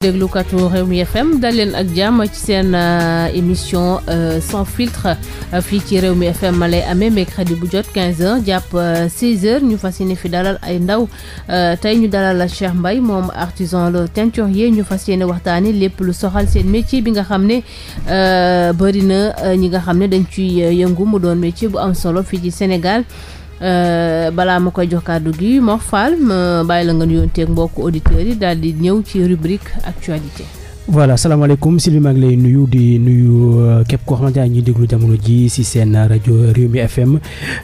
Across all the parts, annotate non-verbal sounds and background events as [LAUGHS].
déglukatu mi FM dal leen ak jàmm ci seen euh, émission euh, sans filtre euh, fii ci Rewmi FM lay amee mercredi bu jot 15h jàpp 16h ñu fas yéene fi dalal ay ndaw tey ñu dalal Cheikh mbay moom artisan le teinturier ñu fas yéene waxtaanee lépp lu soxal seen métier bi nga xam ne bëri na ñi nga xam ne dañ ci yëngu mu doon métier bu am solo fii ci Sénégal. Euh, balaa ma koy jox kàddu gi Mor Fall ma bàyyi la nga nuyoonteeg mbokku auditeurs yi daal di ñëw ci rubrique actualité. voilà salaamaaleykum Sylvie maa ngi lay nuyu di nuyu euh, képp koo xamante ne ñuy déglu jamono ji si seen rajo Rewmi FM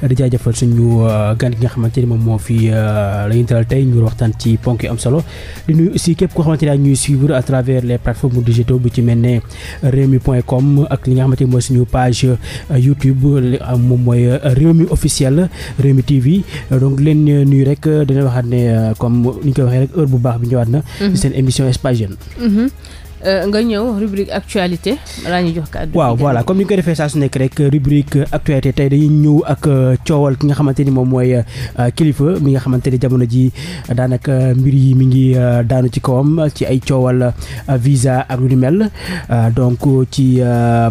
di jaajëfal suñu euh, gan gi nga xamante ni moom moo fi euh, la ñu dalal tey ñu waxtaan ci ponk yu am solo di képp koo xamante ne à travers les plateformes digitales bu ci mel ne Rewmi point com ak li nga xamante ni mooy suñu page YouTube moom mooy Rewmi officiel Rewmi TV donc leen nuyu rek dina waxaat ne comme ni ñu koy waxee rek heure bu baax bi ñëwaat na. Mm-hmm. seen émission Espace Euh, nga ñëw rubrique actualité laa ngi jox kàddu waaw voilà comme ni ñu ko defee saa su nekk rek rubrique actualité tey dañuy ñëw ak euh, coowal ki nga xamante ni moom mooy euh, kilifa mi nga xamante ni jamono ji daanaka mbir yi mi ngi daanu ci kawam ci ay coowal visa ak lu ni mel donc ci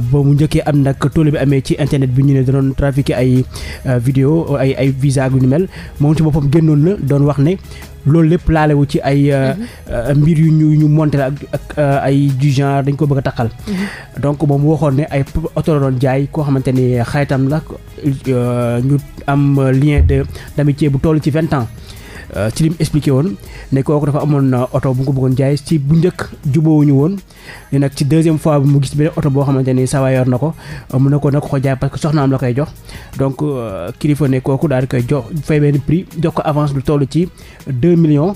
ba mu njëkkee am nag tool bi amee ci internet bi ñu ne danoon trafiqué ay vidéo ay ay visa ak lu ni mel moom ci boppam génnoon la doon wax ne loolu lépp laalewu ci ay euh, mhm. euh, mbir yu ñu ñu monté la ak euh, ay du genre dañ ko bëgg a taqal mhm. donc moom waxoon ne ay oto la jaay koo xamante ni xaritam la ñu am lien de d'amitié bu toll ci vingt ans Euh, ci li mu expliqué woon ne kooku dafa amoon na euh, oto bu mu ko bëggoon jaay ci bu njëkk jubóowuñu woon ne nag ci deuxième fois bi mu gis beneen oto boo xamante ni sawa yor na ko euh, mu na ko na ko jaay parce que soxnaam la koy jox donc kilifa ne kooku daal di koy jox fay benn prix jox ko avance lu toll ci deux millions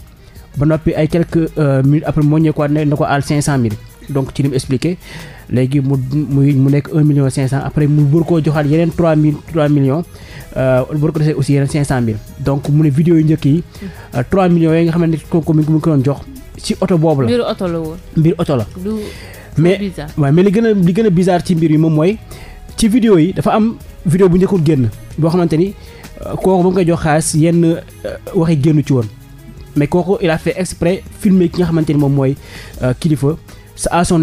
ba noppi ay quelques minutes après moo ñëwaat ne na ko àll 500000 donc ci li mu expliqué. léegi mu muy mu nekk 1 million 500 après mu bëgg koo joxaat yeneen 3 mille 3 millions euh, bëgg ko aussi yeneen 500 mille donc mu ne vidéo yu njëkk yi 3 euh, millions yi nga xam ne kooku mi ngi ko jox ci oto boobu la. mbiru oto la woon oto la. mais waaw mais li gën a li gën a bizarre ci mbir yi moom mooy ci vidéo yi dafa am vidéo bu njëkkoon génn boo xamante ni euh, kooku ba mu koy jox xaalis yenn waxi génn ci woon mais kooku il a fait exprès filmer ki nga xamante ni moom mooy kilifa sa à son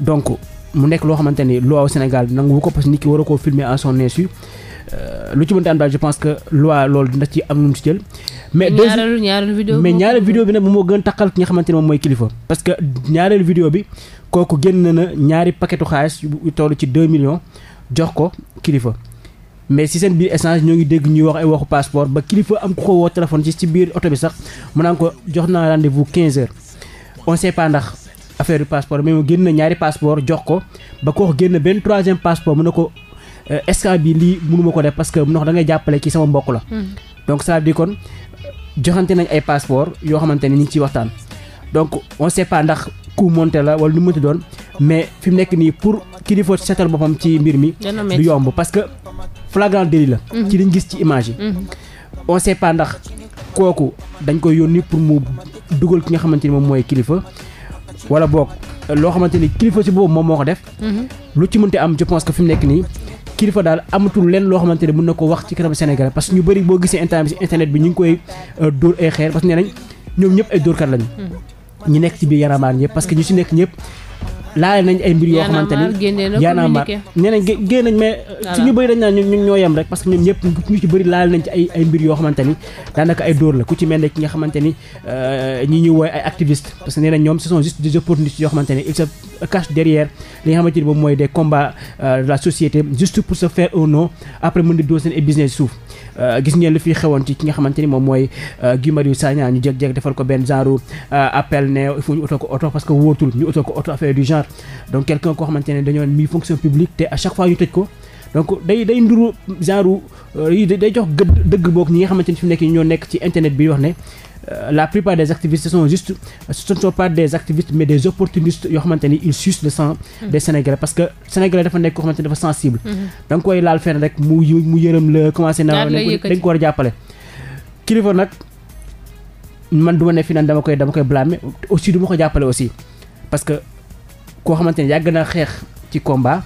donc mu nekk loo xamante ni loi Sénégal nangu ko parce que nit ki war a ko filmer à son insu euh, lu ci mënti ànd daal je pense que loi loolu dina ci am nu mu ci jël. mais ñaareelu ñaareelu mais ñaareelu vidéo bi nag moom moo gën takkal ki nga xamante ne moom mooy kilifa. parce que ñaareelu vidéo bi kooku génn na ñaari paquetu xaalis yu toll ci 2 millions jox ko kilifa. mais si seen biir essence ñoo ngi dégg ñuy wax ay waxu passeport ba kilifa am ku ko woo téléphone ci si biir oto bi sax mu naan ko jox naa rendez vous 15 heures affaire passeport mais mu génn ñaari passeport jox ko ba ko wax génn benn troisième passeport mu ne ko euh, escale bi lii mënuma ko def parce que mu ko da ngay jàppale kii sama mbokk la. Hmm. donc ça veut kon joxante nañ ay passeport yoo xamante ne ñu ngi ciy waxtaan. donc on sait pas ndax coup monté la wala nu mu mënti doon mais fi nekk nii pour kilifa seetal boppam ci mbir mi. du yomb parce que flagrant la. Hmm. ci liñ gis ci image yi. Hmm. on sait pas ndax kooku dañ koy yónni pour mu dugal ki nga xamante ni moom wala boog loo xamante ni kilifa si boobu moom moo ko def. Mhm. lu ci mënti am je pense que nekk nii. kilifa daal amatul lenn loo xamante ne mën na ko wax ci kanam Sénégal parce que ñu bëri boo gisee internet bi ñu ngi koy euh, dóor ay xeer parce que nee nañ ñoom ñëpp ay dóorkat lañu. Mhm. ñi nekk ci biir yaramaar ñëpp parce que ñu si nekk ñëpp. laale nañ ay mbir yoo xamante ni yaanaa maar nee nañ génn ñu bëri dañ ñoo yem rek parce que ñoom ñëpp ñu ci bëri laale nañ ci ay mbir yoo xamante ni daanaka ay dóor la ku ci mel ne ki nga xamante ni euh, ñi ñuy wooy ay activiste parce que nee nañ ñoom ce sont juste des opportunistes yoo xamante cache derrière li nga xamante moom mooy des combats euh, de la société juste pour se faire un nom après mën di doo seen ay business suuf euh, gis ngeen lu fi xewoon ci ki nga xamante ni moom mooy euh, Guy Marius Sagna ñu jékki-jékki defal ko benn genre appel ne il faut ñu oto ko oto parce que wóotul ñu oto ko oto affaire du genre donc quelqu'un koo xamante ne dañoo mi fonction publique te à chaque fois ñu tëj ko donc day day nduru genre day jox gëdd dëgg book ñi nga xamante ni fi mu ñoo nekk ci internet bi wax ne Euh, la plupart des activistes ce sont juste ce ne sont pas des activistes mais des opportunistes yoo xamante ni ils sucent le sang mm. des sénégalais parce que sénégalais dafa nekk koo xamante ni dafa sensible mm-hmm. da nga koy laal fenn rek mu mu yërëm la commencé na dañ ko war a jàppale kilifa nag man du ma ne fii dama koy dama koy blâmer aussi du ma ko jàppale aussi parce que koo xamante ni yàgg na xeex ci komba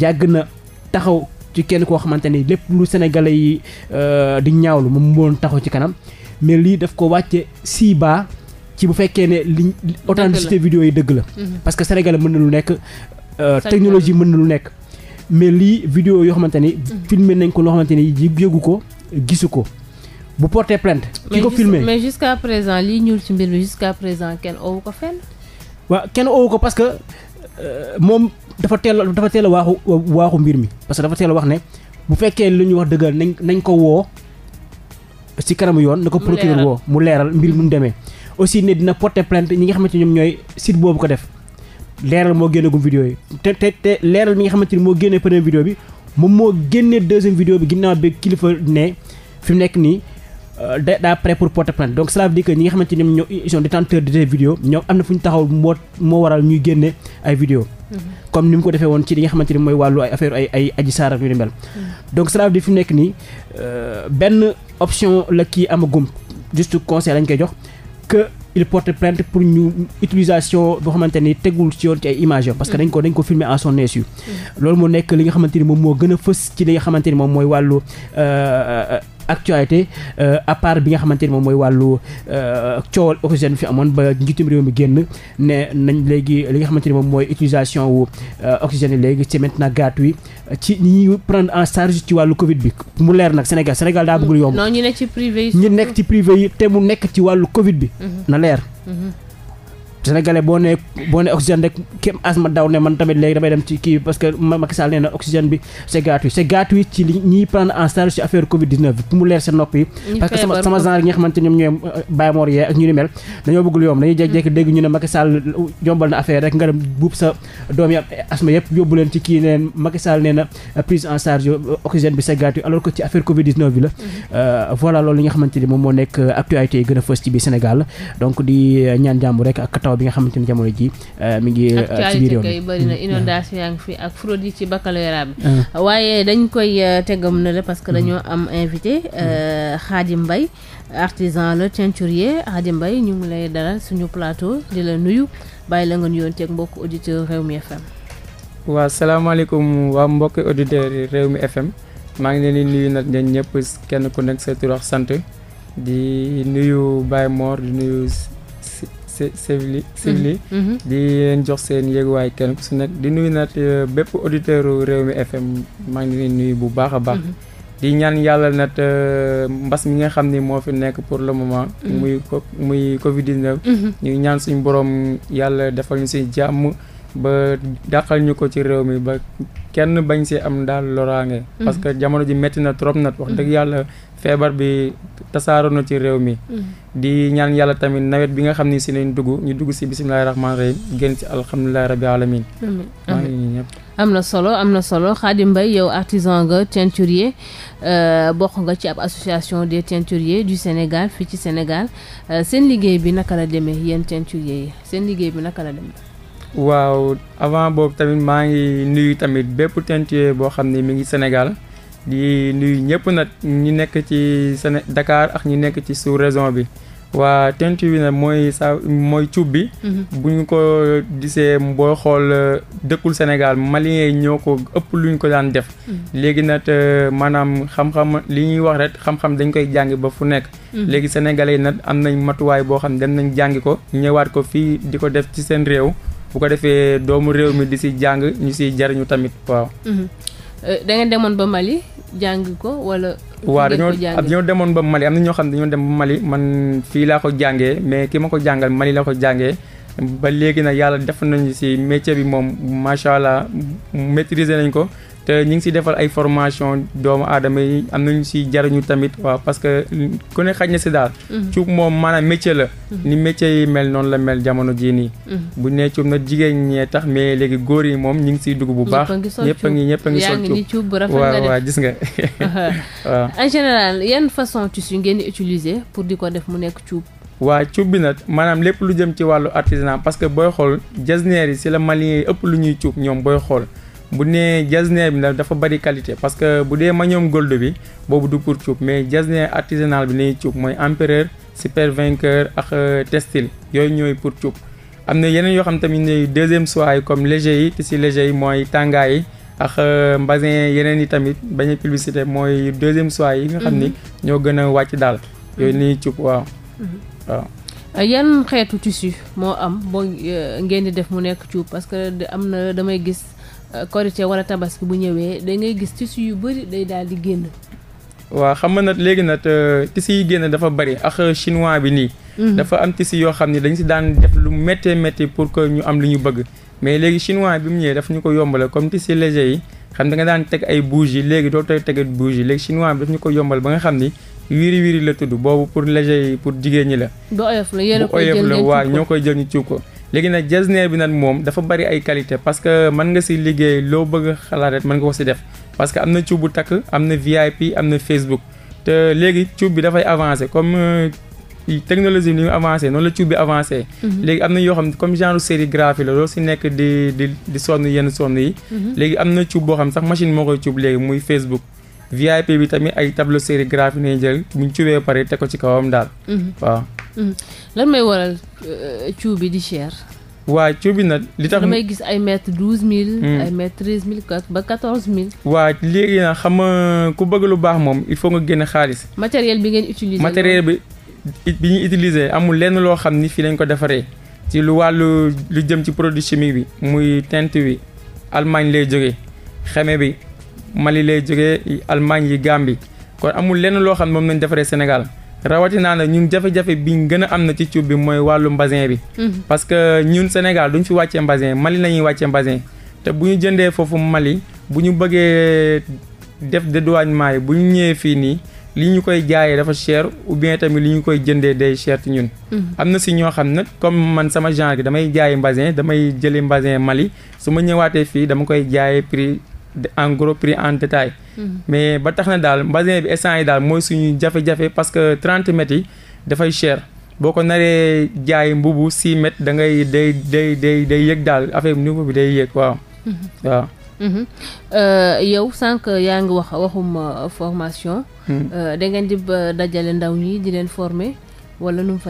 yàgg na taxaw ci kenn koo xamante ni lépp lu sénégalais yi euh, di ñaawlu moom moo taxaw ci kanam mais lii daf ko wàcce si bas ci bu fekkee ne liñ authenticité vidéo yi dëgg la mhm. parce que sénégalais mën na lu nekk euh, technologie mën na lu nekk mais lii vidéo yoo xamante ni mhm. filmé nañ ko loo xamante ni yëgu ko gisu ko bu porte plainte ki ko filmé mais jusqu'à présent lii ñuul ci mbir mi jusqu'à kenn owu ko fenn waa kenn owu ko parce que euh, moom dafa teel dafa teel a waaxu waaxu mbir mi parce que dafa teel a wax ne bu fekkee lu ñu wax dëggal nañ nañ ko woo si kanamu yoon na ko procureur woo mu leeral mbir mu demee aussi ne dina porter plainte ñi nga xamante ñoom ñooy site boobu ko def leeral moo génne gum vidéo yi te te te leeral mi nga xamante ni moo génne première vidéo bi moom moo génne deuxième vidéo bi ginnaaw bi kilifa ne fi mu nekk nii Euh, daa prêt pour porter plainte donc cela veut dire que ñi nga xamante ñoom ñoo ils sont détenteurs de des vidéos ñoom am na fu ñu taxaw moo moo waral ñuy génne ay vidéos mm-hmm. comme ni mu ko defee woon ci li nga xamante ni mooy wàllu ay affaire ay ay aji saar ak yu ni mel mm-hmm. donc cela euh, benn option la kii amagum juste conseil lañ koy jox que il porte pour ñu utilisation boo xamante ni tegul ci yoon ci ay parce que dañ ko dañ ko filmer à son insu mm-hmm. loolu nekk li nga xamante ni moom moo gën a fës ci li nga xamante ni moom mooy wàllu euh, actualité euh, à part bi nga xamante ni moom mooy wàllu euh, coowal oxygène fi amoon ba njiitum réew mi génn ne nañ léegi li nga xamante ni moom mooy utilisation wu euh, oxygène yi léegi c'est maintenant gratuit ci ñi ñuy prendre en charge ci wàllu Covid bi mu leer nag Sénégal Sénégal daa bëggul yomb. non ñu nekk ñu nekk ci privé yi te mu nekk ci wàllu Covid bi. Mhm. na leer. Mhm. sénégalais boo nee boo nee oxygène rek kéem asma daw ne man tamit léegi damay dem ci kii parce que Macky Sall nee na oxygène bi c' est yi. parce que yi nga euh, ñu ni mel dañoo bëggul yomb leen ci kii neen Macky Sall nee na euh, prise en charge euh, oxygène bi c' est gratuit alors que ci affaire Covid 19 bi la. Mhm. voilà loolu li xamante ni moom moo nekk actualité yi gën a fës ci biir Sénégal donc di ñaan jàmm rek ak taw bi nga xamante ni jamono ji euh, mi ngi euh, ci biir yoon bëri na mm, inondation yaa ngi fi ak fraude yi ci baccalauréat bi mm. waaye dañ koy euh, tegam na la parce que mm. dañoo am invité Khadim Mbaye artisan la teinturier Khadim Mbaye ñu ngi lay dalal suñu plateau di la nuyu bàyyi la nga nuyoon teeg mbokk auditeur Rewmi FM waaw salaamaaleykum waa mbokki auditeurs yi mi FM maa ngi leen di nuyu nag ñun ñëpp kenn ku nag sa tur ak sant di nuyu Baye Mor di nuyu Sevli Sevli mm-hmm. mm-hmm. di leen jox seen yéeguwaay kenn ku si nekk di nuyu nag euh, bépp auditeur réew mi FM maa ngi leen nuyu bu baax a baax mm-hmm. di ñaan yàlla nag euh, mbas mi nga xam ni moo fi nekk pour le moment muy muy covid 19 ñu ñaan suñ borom yàlla defal ñu si jàmm ba dàqal ñu ko ci réew mi ba kenn bañ see am daal loraange. Mm-hmm. parce que jamono ji métti na trop nag wax dëgg mm-hmm. yàlla feebar bi tasaaroo na ci réew mi. Mm-hmm. di ñaan yàlla tamit nawet bi nga xam ni si dugg ñu dugg si bisimilah rahmaani rahiim génn si alhamdulilah rabbi alamin amiin am na solo am na solo Khadim Mbaye yow artisan nga teinturier euh, bokk nga ci ab association des teinturiers du Sénégal fii ci Sénégal euh, seen liggéey bi naka la demee yéen teinturier yi seen liggéey bi naka la demee. waaw avant boobu tamit maa ngi nuyu tamit bépp teinturier boo xam ne mi ngi senegal di nuyu ñëpp nag ñu nekk ci Séné dakaar ak ñi nekk ci sous raison bi waa teinture bi nag mooy sa mooy cuub bi mhm. bu ñu ko disee boo xool euh, dëkkul Sénégal maliens yi ñoo ko ëpp lu ñu ko daan def mhm. léegi nag euh, maanaam xam-xam li ñuy wax rek xam-xam dañ koy jàngi ba fu nekk mhm. léegi sénégalais nag am nañ matuwaay boo xam ne dem nañ jàngi ko ñëwaat ko fii di ko def ci seen réew bu ko defee doomu réew mi di si jàng ñu siy jariñu tamit waaw. Mhm. Euh, dangeen demoon ba Mali jàng ko wala. waaw dañoo dañoo demoon ba Mali am na ñoo xam ne dañoo dem Mali man fii laa ko jàngee mais ki ma ko jàngal Mali la ko jàngee. ba léegi nag yàlla def nañu si métier bi moom macha allah maîtriser nañ ko te ñu ngi si defal ay formation doomu aadama yi am nañu si jariñu tamit waaw parce que ku ne xaj na si daal mm-hmm. cuub moom maanaam métier la mm-hmm. ni métier yi mel noonu la mel jamono jii nii mm-hmm. bu nee cuub na jigéen ñee tax mais léegi góor yi moom ñu ngi siy dugub bu baax ñëpp a ngi ñëpp a ngi sol cuub waaw waaw gis nga [LAUGHS] [LAUGHS] waaw en général yan façon tissu ngeen di utiliser pour di ko def mu nekk cuub waa cuub bi na maanaam lépp lu jëm ci wàllu artisanat parce que booy xool jasneer yi si la malien yi ëpp lu ñuy cuub ñoom booy xool bu nee jasner bi nag dafa bari qualité parce que bu dee magnum gold bi boobu du pour cuub mais jasner artisanal bi lañuy cuub mooy empereur super vainqueur ak euh, textile yooyu ñooy pour cuub am na yeneen yoo xam tamit ne deuxième soie yi comme léger yi te si léger yi tàngaay euh, mbasin yeneen yi tamit bañ a mooy deuxième soie yi nga xam ni mhm. ñoo gën a wàcc daal yooyu lañuy mhm. cuub waaw mhm. waaw euh, xeetu tissu moo am boo ngeen di def mu nekk cuub parce que am na damay gis korite wala tabaski bu ñëwee da ngay gis tissu yu bëri day daal génn. waaw xam nga nag léegi nag euh, tissu yi génn dafa bëri ak euh, chinois bi nii. Mhm. dafa am tissu yoo xam ne dañu si daan def lu méttee métti pour que ñu am lu ñu bëgg. mais léegi chinois bi mu ñëwee daf ñu ko yombal comme tissu léger yi xam da nga daan teg ay bougie yi léegi doo tey tegat bougie yi léegi chinois bi daf ñu ko yombal ba nga xam ni wiiri wiiri la tudd boobu pour léger yi pour jigéen ñi la. bu oyof la yéen a koy ñoo koy jël ñu ko. léegi nag jasneer bi nag moom dafa bari ay qualité parce que man nga si liggéey loo bëgg xalaat rek mën nga ko si def parce que am na cuub bu takk am na VIP am na Facebook te léegi cuub bi dafay avancer comme euh, technologie bi ni mu avancé noonu la cuub bi avancer mhm. léegi am na yoo xam ne comme genre sérigraphie la loolu si nekk di di di sonn yenn sonn yi mhm. léegi am na cuub boo xam sax machine moo koy cuub léegi muy Facebook VIP bi tamit ay tableau sérigraphie nañ jël muñ cuubee pare teg ko ci kawam daal mhm. waaw Hmm. lan may waral euh, cuub bi di cher. waa cuub bi nag li tax damay gis ay mètre douze mille. Hmm. ay mètre treize mille ba quatorze mille. waa léegi nag xam nga ku bëgg lu baax moom il faut nga génn xaalis. matériel bi ngeen utiliser matériel bi bi ñuy amul lenn loo xam ni fii lañ ko defaree. ci lu wàllu lu jëm ci produit chimique bi muy teinte bi Allemagne lay jóge xeme bi Mali lay jógee Allemagne yi bi kon amul lenn loo xam ne moom lañ defaree Sénégal. rawatinaa na ñun jafe-jafe biñ gën a am na ci cuub bi mooy wàllu mbasin bi. Mm-hmm. parce que ñun Sénégal duñ fi wàccee mbasin Mali la ñuy wàccee mbasin te bu ñu jëndee foofu Mali bu ñu bëggee def dédouanement yi bu ñu ñëwee fii nii li ñu koy jaayee dafa cher ou bien tamit li ñu koy jëndee day cher ci ñun. Mm-hmm. am na si ñoo xam ne comme man sama genre gi damay jaayi mbasin damay jëli mbasin Mali su ma ñëwaatee fii dama koy jaayee prix. en gros prix en détail mm-hmm. mais ba tax na daal mbasin bi essence yi daal mooy suñu jafe-jafe parce que trente mètres yi dafay cher boo ko naree jaay mbubu six mètres da ngay day day day day yëg daal affaire niveau bi day yëg waaw mm-hmm. waaw mm-hmm. Euh, yow sànq yaa ngi wax waxuma euh, formation euh, da ngeen di dajale ndaw ñi di leen former wala nu mu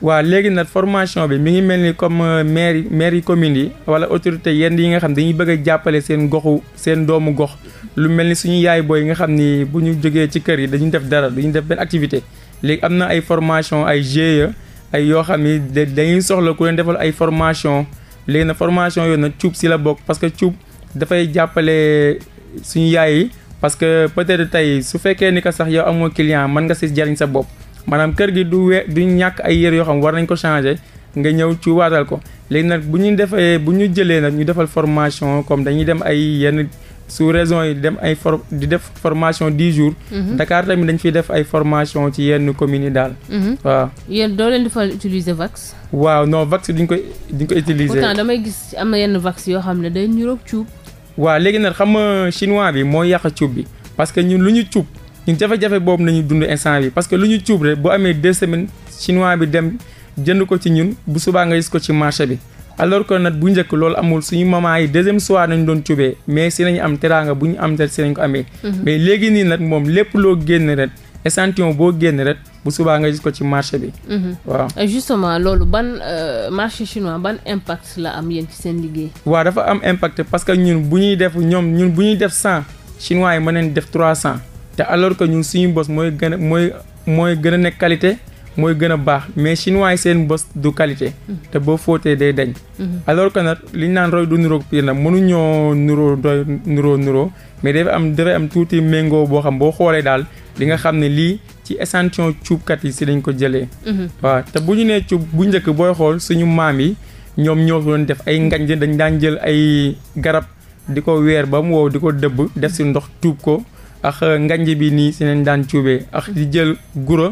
waaw léegi nag formation bi mi ngi mel ni comme mair euh, maire yi communes yi wala autorité yenn yi nga xam dañuy bëgg jàppale seen goxu seen doomu gox lu mel ni suñu yaay booy yi nga xam ni bu ñu jógee ci kër yi dañuy def dara dañuy def benn activité léegi am na ay formation ay GIE ay yoo xam ni dañuy soxla ku leen defal ay formation léegi nag formation yoon nag cuub si la bokk parce que cuub dafay jàppale suñu yaay yi parce que peut-être tey su fekkee ni que sax yow amoo client mën nga si jariñ sa bopp maanaam kër gi du we du ñàkk ay yére yoo xam war nañ ko changer nga ñëw ci waatal ko léegi nag bu ñu defee bu ñu jëlee nag ñu defal formation comme dañuy dem ay yenn sous raison yi dem ay for di def formation dix jours. Mhm. Dakar tamit dañ fi def ay formation ci yenn commune yi daal. Mhm. waaw yéen doo leen di fa utiliser vax. waaw non vax duñ ko duñ ko utiliser. pourtant damay gis am na yenn vax yoo xam ne day ñuroog cuub. waa léegi nag xam nga chinois bi moo yàq cuub bi parce que ñun lu ñu ñu jafe-jafe boobu nañu dund instant bi parce que lu ñu cuub rek bu amee deux semaines chinois bi dem jënd ko ci ñun bu subaa nga gis ko ci marché bi alors que nag bu njëkk loolu amul suñu maman yi deuxième soir nañu doon cuubee mais si nañu am teraanga bu ñu am te si nañ ko amee mhm. mais léegi nii nag moom lépp loo génn rek échantillon boo génn rek bu subaa nga ko ci marché bi mhm. waaw justement loolu ban euh, marché chinois ban impact la am yéen ci seen liggéey waaw dafa am impact parce que ñun bu ñuy def ñoom ñun bu ñuy def cent chinois yi mën nañ def trois cent te alors que ñu suñu bos mooy gën a mooy mooy gën a nekk qualité mooy gën a baax mais chinois seen bos du qualité. te boo fóotee day dañ. alors que nag li naan roy du niroog pire nag mënuñoo niroo doy niroo niroo mais dafay am dafay am tuuti méngoo boo xam boo xoolee daal li nga xam ne lii ci échantillon cuubkat yi si dañ ko jëlee. waaw te bu ñu nee cuub bu njëkk booy xool suñu maam yi ñoom ñoo doon def ay ngañ dañ daan jël ay garab di ko weer ba mu wow di ko dëbb def si ndox tuub ko. ak euh, nganj bi nii si nañ daan cuubee ak di jël guro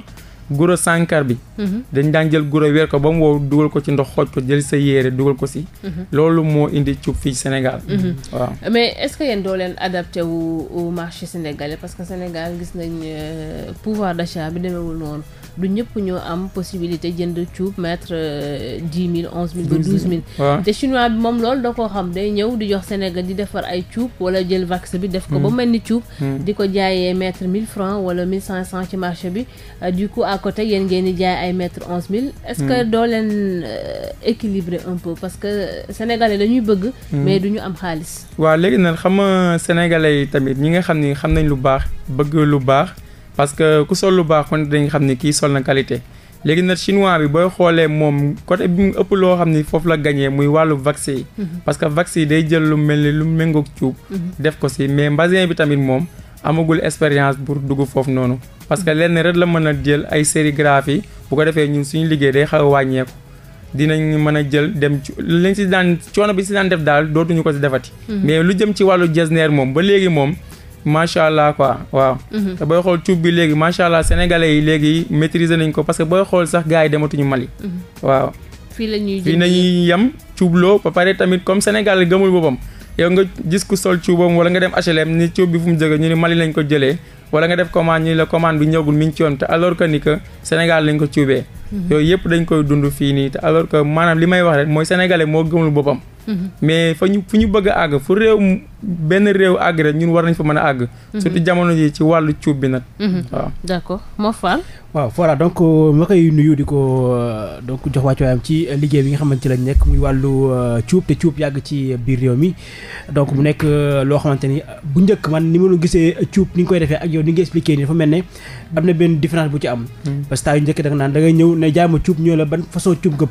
guro sànkar bi. Mhm. dañ daan jël guro weer ko ba mu wow dugal ko ci ndox xooj ko jël sa yére dugal ko si. Mhm. loolu moo indi cuub fii Sénégal. Mhm. waaw mais est-ce que yéen doo leen adapté wu marché sénégalais parce que Sénégal gis nañ euh, pouvoir d'achat bi demewul noonu du ñëpp ñoo am possibilité jënd cuub mettre euh, dix mille onze mille ba douze mille. te chinois bi moom loolu da koo xam day ñëw di jox Sénégal di defar ay cuub wala jël vax bi def ko ba hmm. mel ni cuub. Hmm. di ko jaayee mettre mille francs wala mille cinq cent bi euh, à côté yéen ngeen di jaay ay mètre onze mille. est-ce que hmm. doo leen euh, équilibrer un peu parce que sénégalais lañuy bëgg. Hmm. mais du ñu am xaalis. waaw léegi nag xam nga sénégalais yi tamit ñi nga xam ni xam nañ lu baax bëgg lu baax parce que ku sol lu baax kon dañ xam ni kii sol na qualité. léegi nag chinois bi booy xoolee moom côté bi mu ëpp loo xam ni foofu la gañee muy wàllu vaccin yi. Hmm. parce que vaccin yi day jël lu mel ni lu méngoog cuub. def ko si mais mbasin bi tamit moom amagul expérience pour dugg foofu noonu. parce que lenn rek la mën a jël ay sérigraphie bu ko defee ñun suñu liggéey day xaw a wàññeeku dinañ mën a jël dem ci lañ si coono bi si daan def daal dootuñu ko si defati. Mhm. mais lu jëm ci wàllu jesneer moom ba léegi moom macha allah quoi waaw. Mhm. te booy xool cuub bi léegi macha allah sénégalais yi léegi maîtriser nañ ko parce que booy xool sax gars yi dematuñu Mali. Mhm. waaw fii la ñuy fii nañuy yem cuubloo ba pare tamit comme Sénégal gëmul boppam yow nga gis ku sol cuubam wala nga dem HLM ni bi fu mu jógee ñu ne Mali lañ ko jëlee. wala nga def commande ñu la commande bi ñëwagul mi ngi ci woon te alors que ni que Sénégal lañ ko cuubee. Mhm. yooyu yëpp dañ koy dund fii nii te alors que maanaam li may wax rek mooy sénégalais moo gëmul boppam. Mm-hmm. mais fa ñu fu ñu bëgg a àgg fu réew benn réew àgg rek ñun war nañ fa mën a àgg. Mm-hmm. surtout jamono ji ci wàllu cuub bi nag. Mm-hmm. waaw d'accord moo faal. waaw voilà donc euh, ma koy nuyu di ko euh, donc jox wàccuwaayam ci liggéey bi nga xamante ci lañ nekk muy wàllu euh, cuub te cuub yàgg ci biir réew mi. donc mu nekk loo xamante ni bu njëkk man ni ma gisee cuub ni nga koy defee ak yow ni nga expliqué nii dafa mel ne am na benn différence bu ci am. parce taa yu njëkk da nga naan ngay ñëw ne jaay ma ban façon cuub nga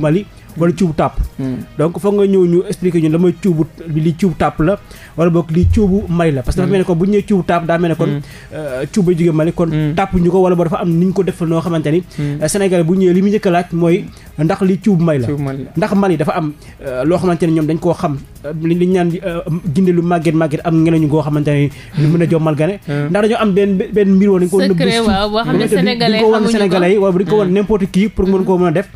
Mali. wala cuubu tàpp hmm. donc foog nga ñëw ñu expliquer ñun la mooy cuubu li cuubu tàpp la wala boog li cuubu mali la parce que dafa hmm. mel ne ko bu ñu nee cuubu tàpp daa mel ne kon hmm. euh, cuuba jóge mali kon tàpp ñu ko wala boo dafa am ni ñu ko defal noo xamante ni euh, Sénégal bu ñëwee li mu njëkk a mooy ndax li cuubu mali la ndax mali dafa am euh, loo xamante ne ñoom dañ koo xam li ñu naan ginde lu màgget màgget am ngelañu goo xamante ne lu mën a jommal gane ndax dañoo am benn benn mbir woon dañ ko won nëbb ko won sénégalais yi wala dañ ko won n'importe qui pour mën koo mën a def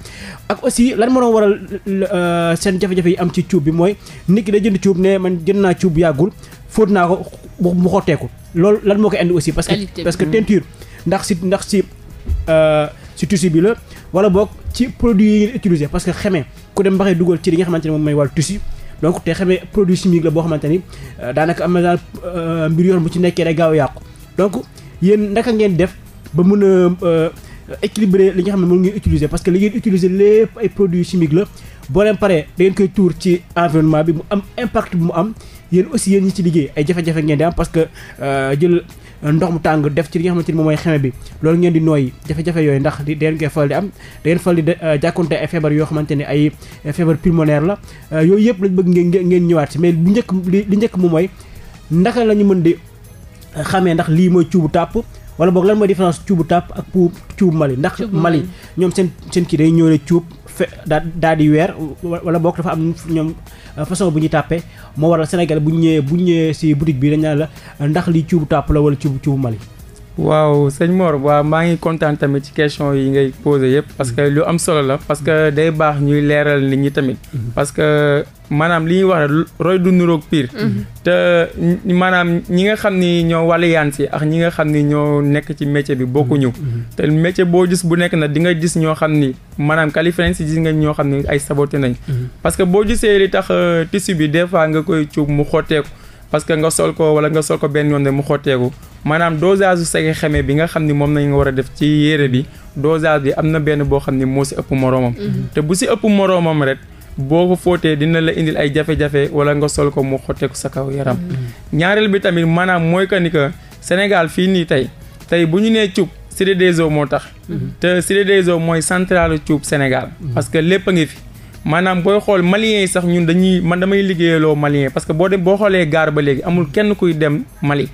ak aussi lan moo doon waral euh, seen jafe-jafe yi am ci cuub bi mooy nit ki day jënd cuub ne man jënd naa cuub yàggul fóot naa ko mu xotteeku loolu lan moo koy indi aussi parce que parce que mm. teinture ndax si ndax si euh, si tissu bi la wala boog ci produit yi ngeen utiliser parce que xamee ku dem baxee dugal ci li nga xamante ne moom mooy wàllu tissu donc te xamee produit chimique la boo xamante ni euh, daanaka am na daal mbir yoon bu ci nekkee day gaaw yàqu donc yéen naka ngeen def ba mun a équilibrer li nga xam ne moom ngeen utiliser parce que li ngeen utiliser lépp ay produits chimiques la boo leen paree da ngeen koy tuur ci environnement bi mu am impact bi mu am yéen aussi yéen ñi ci liggéey ay jafe-jafe ngeen di am parce que euh, jël ndox mu tàng def ci li nga xamante ni moom mooy xeme bi loolu ngeen di nooyi jafe-jafe yooyu ndax di dangeen koy faral di am dangeen faral di euh, jàkkonte ay feebar yoo xamante ni ay euh, feebar pulmonaire la yooyu yëpp lañ bëgg ngeen ngeen ñëwaat si mais bu njëkk li njëkk moom mooy naka la ñu mën di xamee ndax lii mooy cuubu tàpp wala boog lan mooy différence cuubu tàpp ak puub cuub Mali ndax Mali ñoom seen seen kii day ñëwee cuub fe daa daal di weer wala bokk dafa am ñoom euh, façon bu ñuy tàppee moo waral Sénégal bu ñu ñëwee bu ñëwee si boutique bi dañ naan la ndax li cuubu tàpp la wala cuubu cuubu Mali waaw sëñ Mor waaw maa ngi kontaan tamit ci question yi ngay posé yëpp parce que lu am solo la parce que day baax ñuy leeral nit ñi tamit mhm. parce que maanaam li ñuy wax roy du nuroog piir mhm. te maanaam ñi nga xam ni ñoo wàlliyaan yi ak ñi nga xam ni ñoo nekk ci métier bi bokkuñu mhm. te métier boo gis bu nekk na di nga gis ñoo xam ni maanaam qualifié nañ si gis nga ñoo xam ni ay saboté nañ parce que boo gisee li tax euh, tissu bi des fois nga koy cuub mu xotteeku parce que nga sol ko wala nga sol ko benn yoon de mu xotteeku maanaam dosage su sege xeme bi nga xam ni moom nañ nga war a def ci yére bi dosage bi am na benn boo xam ni moo si ëpp moroomam mhm. te bu si ëpp moroomam rek boo ko fóotee dina la indil ay jafe-jafe wala nga sol ko mu xotteeku sa kaw yaram mhm. ñaareel bi tamit maanaam mooy que ni que Sénégal fii nii tey tey bu ñu nee cub Cité des Eaux moo tax mhm. te Cité des Eaux mooy centrale cub Sénégal parce que lépp a ngi fi maanaam booy xool maliens yi sax ñun dañuy man damay liggéeyaloo malien parce que boo dem boo xoolee gaar ba léegi amul kenn kuy dem Mali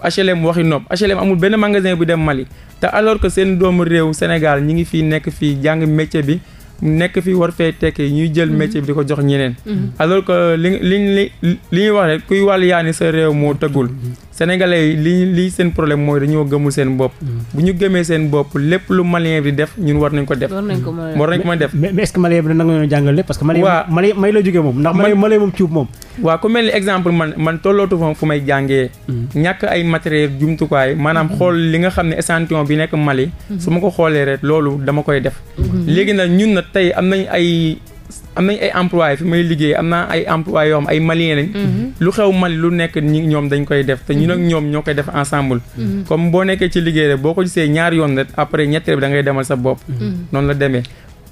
HLM waxi nopp HLM amul benn magasin bu dem Mali te alors que seen doomu réew Sénégal ñi ngi fii nekk fii jàng métier bi nekk fii war fa tekki ñuy jël mhm. métier bi di ko jox ñeneen mhm. alors que li li li ñuy wax rek kuy wàll yaani sa réew moo tëggul mhm. sénégalais yi li lii seen problème mooy dañoo gëmul seen bopp. Mm-hmm. bu ñu gëmee seen bopp lépp lu malien bi def ñun war nañ ko def. war nañ ko ma mm-hmm. def. mais est-ce que malien bi nag ñoo jàngal lépp la jógee moom ndax malien malien moom cuub moom. waaw ku mel ni exemple man man tollootu fa fu may jàngee. Mm-hmm. ñàkk ay matériel jumtukaay maanaam xool li nga xam ne échantillon bi nekk Mali. su ma ko xoolee rek loolu dama koy def. léegi nag ñun nag tey am nañ ay. am nañ ay employé fi may liggéey am na ay employé yoo xam ay malien lañ mhm. lu xew Mali lu nekk ñi ñoom dañ koy def te ñu ak mhm. ñoom ñoo koy def ensemble mhm. comme boo nekkee ci liggéey rek boo ko gisee ñaar yoon rek après ñetteel bi dangay demal sa bopp noonu la demee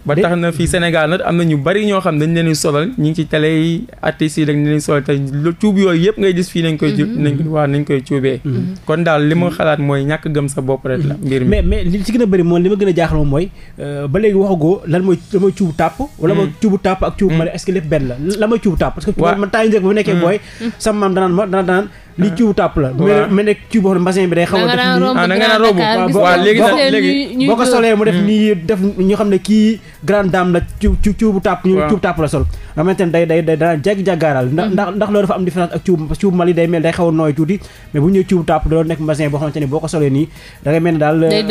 ba tax na fii Sénégal nag am na ñu bari ñoo xam dañ leen di solal ñu ngi ci télé yi artistes yi solal te cuub yooyu yëpp ngay gis fii nañ koy mhm. nañ waaw nañ koy cuubee mhm. kon daal li ma mhm. xalaat mooy ñàkk gëm sa bopp rek la mbir mi mais mais li ci gën a bëri moom li ma gën a jaaxal moom mooy euh, ba léegi waxagoo lan mooy lan mooy cuubu tàpp wala mooy cuubu tàpp ak cuubu male est lépp benn la lan mooy cuubu tàpp parce que man temps yi njëkk bu nekkee mooy sama maam danaan ma danaan li ah. ciw tàpp la. waaw mais nag ciw boo xam ne bi day. xaw a ah, def nii ah da nga naan ko solee mu def hmm. nii def ñu xam ne kii grande dame la ciw ciw ciw bu tàpp. ñu ciw tàpp la sol. nga xamante ne day day day daan jaggi hmm. ndax ndax loolu dafa am différence ak ciw ciw Mali day mel day xaw a nooy tuuti mais bu ñu ñëwee ciw tàpp loolu nekk mbasin boo xamante ne boo ko solee nii da ngay mel ne daal. day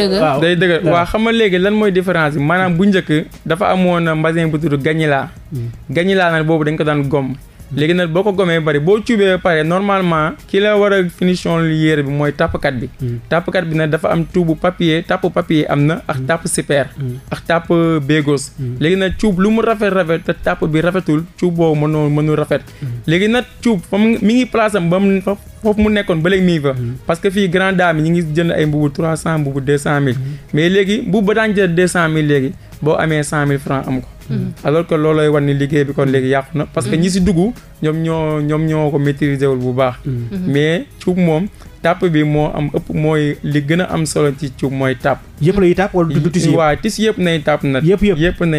dëgër waaw xam ma léegi lan mooy différence maanaam bu njëkk dafa amoon mbasin bu tudd gañilaa hmm. gañilaa nag boobu dañ ko daan gomm léegi nag boo ko gomee bari boo cuubee pare normalement ki la war a finition yére bi mooy tàppkat bi hmm. tàppkat bi nag dafa am tuubu papier tàpp papier am na ak hmm. tàpp sipeer hmm. ak tàpp béegos léegi nag cuub lu mu rafet rafet te tàpp bi rafetul cuub boobu mënoo mënul rafet léegi nag cuub fa mu ngi place am ba mu foofu mu nekkoon ba léegi fa parce que fii grand dame ñi ngi jënd ay mbubu trois cent mbubu deux cent mille mais léegi mbubu ba daan jël deux cent mille léegi boo amee cent mille franc am ko Mm-hmm. alors que loolooy wan ni liggéey bi kon léegi yàqu na parce que ñi mm-hmm. si dugg ñoom ñoo ñoom ñoo ko maîtriser wul bu baax mm-hmm. mais cuub moom tàpp bi moo am ëpp mooy li gën a am solo ci cuub mooy tàpp. yëpp lay tàpp wala du tis yëpp a yëpp a a yëpp a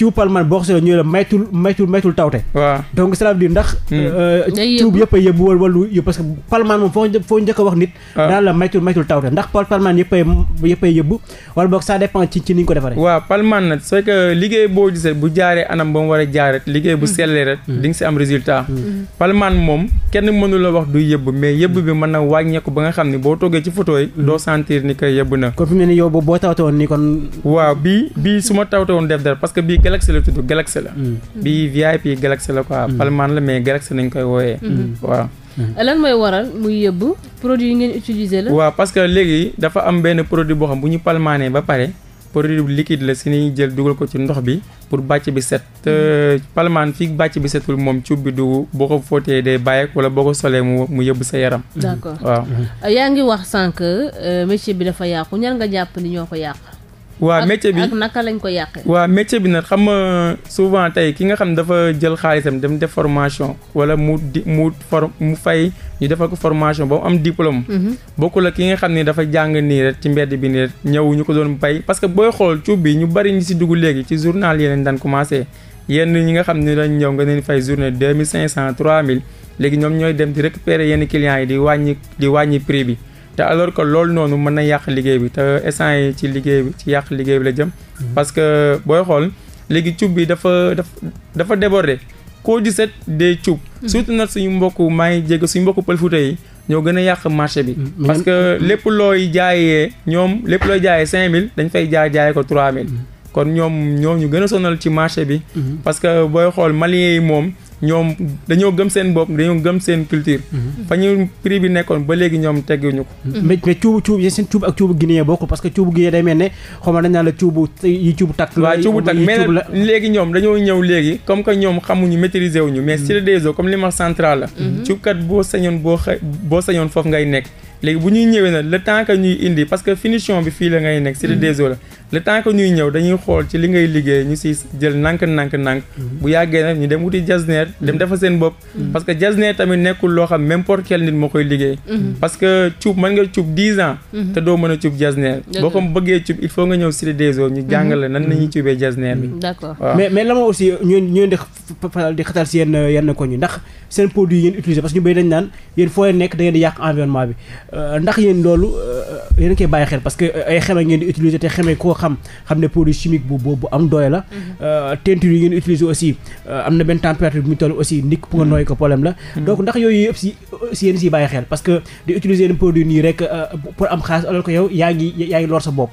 yëpp wala boog ça dépend ci ko liggéey boo gisee bu jaaree anam ba mu war a jaaree liggéey bu seetlee rek mm. di nga si am résultat mm. Mm. palmaan moom kenn mënu la wax du yëbb mais yëbb bi mën na wàññeeku ba nga xam ne boo toggee ci photo doo sentir ni koy yëbb na kon fi mu ne yow boo tawtewoon ni kon waaw bii bii su ma tawtewoon def dara parce que bii Galaxy la tudd Galaxy la bii VIP Galaxy la quoi palmaan la mais Galaxy nañ koy wooyee mm-hmm. Mm-hmm. waaw lan mooy waral muy yëbb produit yi ngeen utiliser la waaw parce que léegi dafa am benn produit boo xam bu ñu palmaanee ba pare produit liquide la si ñuy jël dugal ko ci ndox bi pour bàcc bi set palmaan fii bàcc bi setul moom cub bi du boo ko fóotee day bàyyeek wala boo ko solee mu mu yëbb sa yaram d'accord waaw yaa ngi wax sànq euh, métier bi dafa yàqu ñan nga jàpp ni ñoo ko yàq waa métier bi naka lañ ko yàqee. waa métier bi nag xam nga souvent tey ki nga xam dafa jël xaalisam dem def formation wala mu di mu for mu fay ñu defal ko formation ba mu am diplôme. Mhm. bokkul ak ki nga xam ni dafa jàng nii rek ci mbedd bi nii rek ñëw ñu ko doon bay parce que booy xool cuub bi ñu bari ñu si dugg léegi ci journal yi lañ daan commencé yenn ñi nga xam ne dañ ñëw nga leen fay journée deux mille cinq cent trois mille léegi ñoom ñooy dem di récupérer yenn clients yi di wàññi di wàññi prix bi. te alors que loolu noonu mën na yàq liggéey bi te instant yi ci liggéey bi ci yàq liggéey bi la jëm. Mhm. parce que booy xool léegi cub bi dafa daf dafa débordé koo gisat dee cub. Mhm. surtout nag suñu mbokk maa ngi jégg suñu mbokku pëlfuta yi ñoo gën a yàq marché bi. Mhm. parce que lépp looy jaayee ñoom lépp looy jaayee mille dañ fay jaay jaayee ko 3000. kon ñoom ñoo ñu gën a sonal ci marché bi. parce que booy xool malien yi moom. ñoom dañoo gëm seen bopp dañoo gëm seen culture. Mhm. fa ñu prix bi nekkoon ba léegi ñoom tegguñu ko. Mhm. mais mais cuubu cuubu yéen seen cuubu ak cuubu Guinée bokkul parce que cuubu Guinée day mel ne xaw ma dañ la cuubu yi cuubu takk. waaw cuubu takk mais léegi ñoom dañoo ñëw léegi comme que ñoom xamuñu maîtriser wuñu mais Siré mhm. des Eaux comme li ma central la. cuubkat boo sañoon boo xë boo sañoon foofu ngay nekk. léegi bu ñuy ñëwee nag le temps que ñuy indi parce que finition bi fii la ngay nekk Siré des Eaux le temps que ñuy ñëw dañuy xool ci li ngay liggéey ñu si jël nànk nànk nànk bu yàggee nag ñu dem wuti jasneer mm-hmm. dem defa seen bopp mm-hmm. parce que jasneer tamit nekkul loo xam n'importe quel nit moo koy liggéey mm-hmm. parce que cuub mën nga cuub dix ans te doo mën a cuub jasneer boo bëggee cuub il faut nga ñëw cité des eaux ñu jàngale nan nañuy cuubee jasneer bi d'accord mais mais la ma aussi ñoo ñoo di xatal si yenn ko ñu ndax seen produit yéen utiliser parce que ñu bëri dañ naan yéen foo leen nekk da ngeen di yàq environnement bi euh, ndax yéen euh, que euh, ay xeme ngeen di utiliser te xam xam ne produit chimique bu bu am doole la. Mhm. Euh, teinture yi ngeen utiliser aussi euh, am na benn température bu ñu toll aussi nit pour nga mhm. nooy ko problème la. Mhm. donc ndax yooyu yëpp si si yéen si bàyyi xel parce que di utiliser yenn produit nii rek euh, pour am xaalis alors que yow yaa ngi yaa ngi lor sa bopp.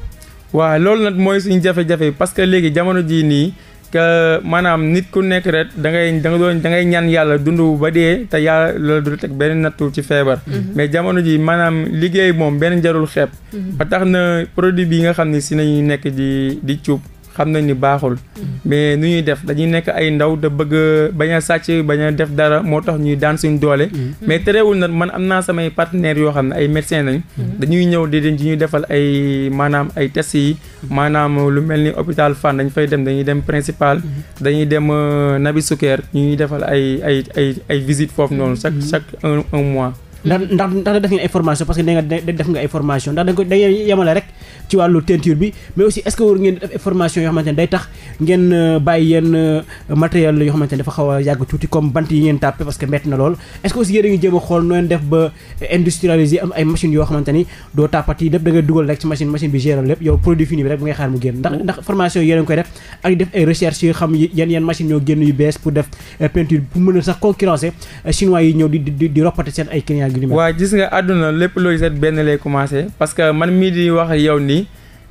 waaw loolu nag mooy suñu jafe-jafe parce que léegi jamono jii nii. que maanaam nit ku nekk rek da ngay da nga doon da ngay ñaan yàlla dund ba dee te yàlla loolu du teg benn nattu ci feebar. Mhm. Mhm. mais jamono ji maanaam liggéey moom benn jarul xeeb. Mhm. ba tax na produit bi nga xam ni si nañu nekk di di cuub. xam nañ ni baaxul mais nu ñuy def dañuy nekk ay ndaw da bëgg bañ a sàcc bañ def dara moo tax ñuy daan suñ doole mm-hmm. Mm-hmm. mais terewul nag man am naa samay partenaires yoo xam ne ay médecins nañ mm-hmm. dañuy ñëw di di ñuy defal ay maanaam ay tests yi maanaam lu mel ni hôpital Fann dañ fay dem dañuy dem principal dañuy dem euh, Nabi Souker ñuy defal ay ay ay ay visit foofu noonu chaque chaque un un mois ndax ndax ndax def ngeen ay formation parce que nee nga def nga ay formation ndax dañ ko day yemale rek ci wàllu teinture bi mais aussi est-ce que war ngeen def formation yoo xamante ne day tax ngeen euh, bàyyi yenn euh, matériel yoo xamante dafa xaw yàgg comme bant yi ngeen tàppe parce que man mii di wax yow ni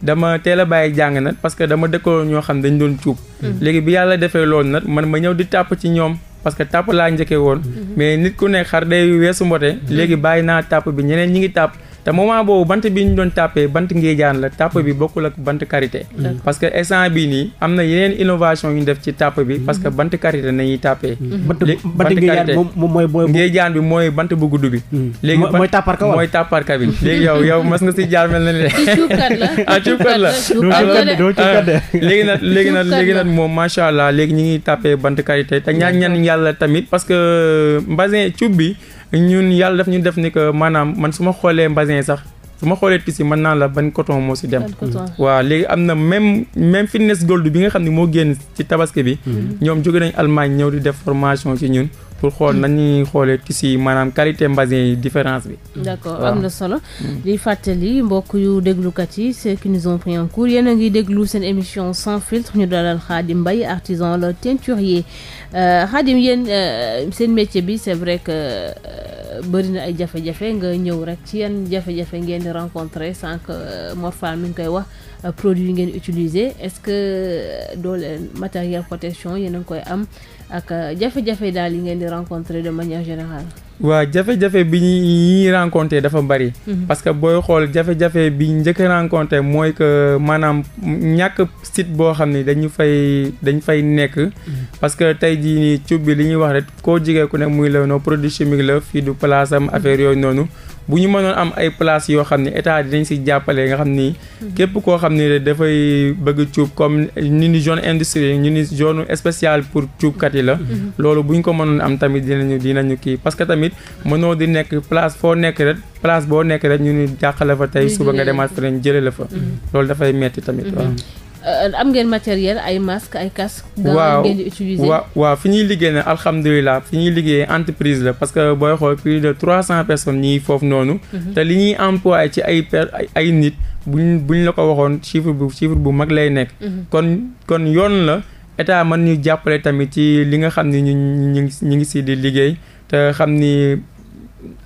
dama teela bàyyi jàng nag parce que dama dëkkoo ñoo xam dañu doon cuub mhm. léegi bi yàlla defee loolu nag man ma ñëw di tàpp ci ñoom parce que tàpp laa njëkkee woon mhm. mais nit ku nekk xar day weesu mbote mhm. léegi bàyyi naa tàpp bi ñeneen ñi ngi tàpp te moment boobu bant bi ñu doon tàppee bant ngéejaan la tàpp bi mm. bokkul ak bant karité mm. parce que instant bii nii am na yeneen innovation yu ñu def ci tàpp bi parce que mm. bant karité nañuy tàppee bant ngéejaan moom mooy ngéejaan bi mooy bant bu gudd bi léegi mooy tàpparka mooy tàpparka bi léegi yow yow mas nga si jaar mel na ni [LAUGHS] [LAUGHS] ah cuubkat la ah, léegi nag léegi na léegi nag moom macha allah léegi ñu ngi tàppee bant karité te ñaan ñan yàlla tamit parce que euh, mbasin cuub bi ñun yàlla daf ñu def ni que maanaam man su ma xoolee mbasin sax su ma xoolee tissu mën naa la ban coton moo si dem. waaw léegi am na même même fitness gold bi nga xam ne moo génn ci tabaski bi. Mm-hmm. ñoom jóge nañ Allemagne ñëw di def formation ci ñun. pour xool na ñuy xoolee tissu yi maanaam qualité mbasin différence bi. Mm. d'accord am na solo. Mm. di fàttali mbokk yu déglu yi ceux qui nous ont en cours yéen a ngi déglu seen émission sans filtre ñu dalal Khadim Mbaye artisan le teinturier euh, Khadim yéen euh, seen métier bi c'est vrai que euh, bëri na ay jafe-jafe nga ñëw rek ci yan jafe-jafe ngeen di rencontrer sànq Morphal mi ngi koy wax. produits yi ngeen utiliser est-ce que doo leen matériel protection yéen a ngi koy am ak euh, jafe-jafe daal yi ngeen di rencontrer de manière générale. waaw jafe-jafe bi ñuy rencontré dafa bari. Mhm. parce que booy xool jafe-jafe bi njëkk a mooy que maanaam ñàkk site boo xam ne dañu fay dañu fay nekk. Mhm. parce que tey jii nii cub bi li ñuy wax rek koo jigee ku nekk muy la no produit chimique la fii du place am affaire yooyu noonu. bu ñu mënoon am ay place yoo xam ne état dinañ si jàppalee nga xam nii mhm. képp koo xam ne dafay bëgg cuub comme ñu ni zone industrielle ñu ni zone spéciale pour cuubkat yi la. Mhm. loolu bu ñu ko mënoon am tamit dinañu dinañu kii parce que tamit mënoo di nekk place foo nekk rek place boo nekk rek ñu ni jàq la fa tey suba nga demaat feneen jëlee la fa. Mhm. loolu dafay metti tamit waaw. Euh, am ngeen matériel ay masque ay casque waaw ngeen di utiliser waaw fi ñuy liggéey ne alhamdulilah fi ñuy liggéey entreprise la parce que booy xool plus de trois cent personnes ñi foofu noonu mhm. te li ñuy employé ci ay per ay nit buñ buñ la ko waxoon chiffre bu chiffre bu mag lay nekk mhm. kon kon yoon la état mën ñu jàppale tamit ci li nga xam ni ñu ñu ngi ñu ngi si di liggéey te xam ni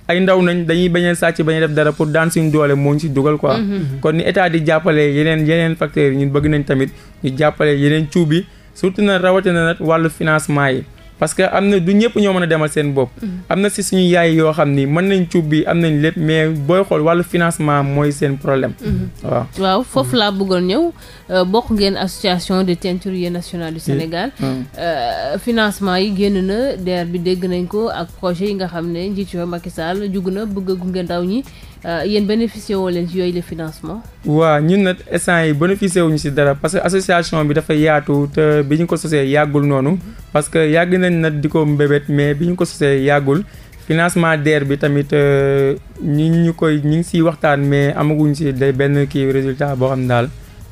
ay ndaw nañ dañuy bañ a sàcc bañ def dara pour daan suñu doole moo ñu si dugal ko mm-hmm. mm-hmm. kon ni état di jàppalee yeneen yeneen facteurs yi ñun bëgg nañ tamit ñu jàppale yeneen cuub bi surtout na rawatina nag wàllu financement yi. parce que am na du ñëpp ñoo mën a demal seen bopp. Mm. am na si suñu yaay yoo xam ni mën nañ cuub bi am nañ lépp mais booy xool wàllu financement mooy seen problème. Mm-hmm. waaw waaw foofu mm-hmm. laa bëggoon ñëw euh, bokk ngeen association de teinturiers nationaux du Sénégal. Mm. Euh, financement yi génn na DER bi dégg nañ ko ak projet yi nga xam ne njiitu Macky Sall jug na bëgg a gunge ndaw ñi. Euh, yéen bénéficier woo leen si yooyu le financement. waaw ñun nag instant yi bénéficié wuñu si dara parce que association bi dafa yaatu te bi ñu ko sosee yàggul noonu parce que yàgg nañ na di ko mbébét mais bi ñu ko sosee yàggul financement DER bi tamit euh, ñi ñu koy ñu ngi siy waxtaan mais amaguñ si benn kii résultat boo xam ne daal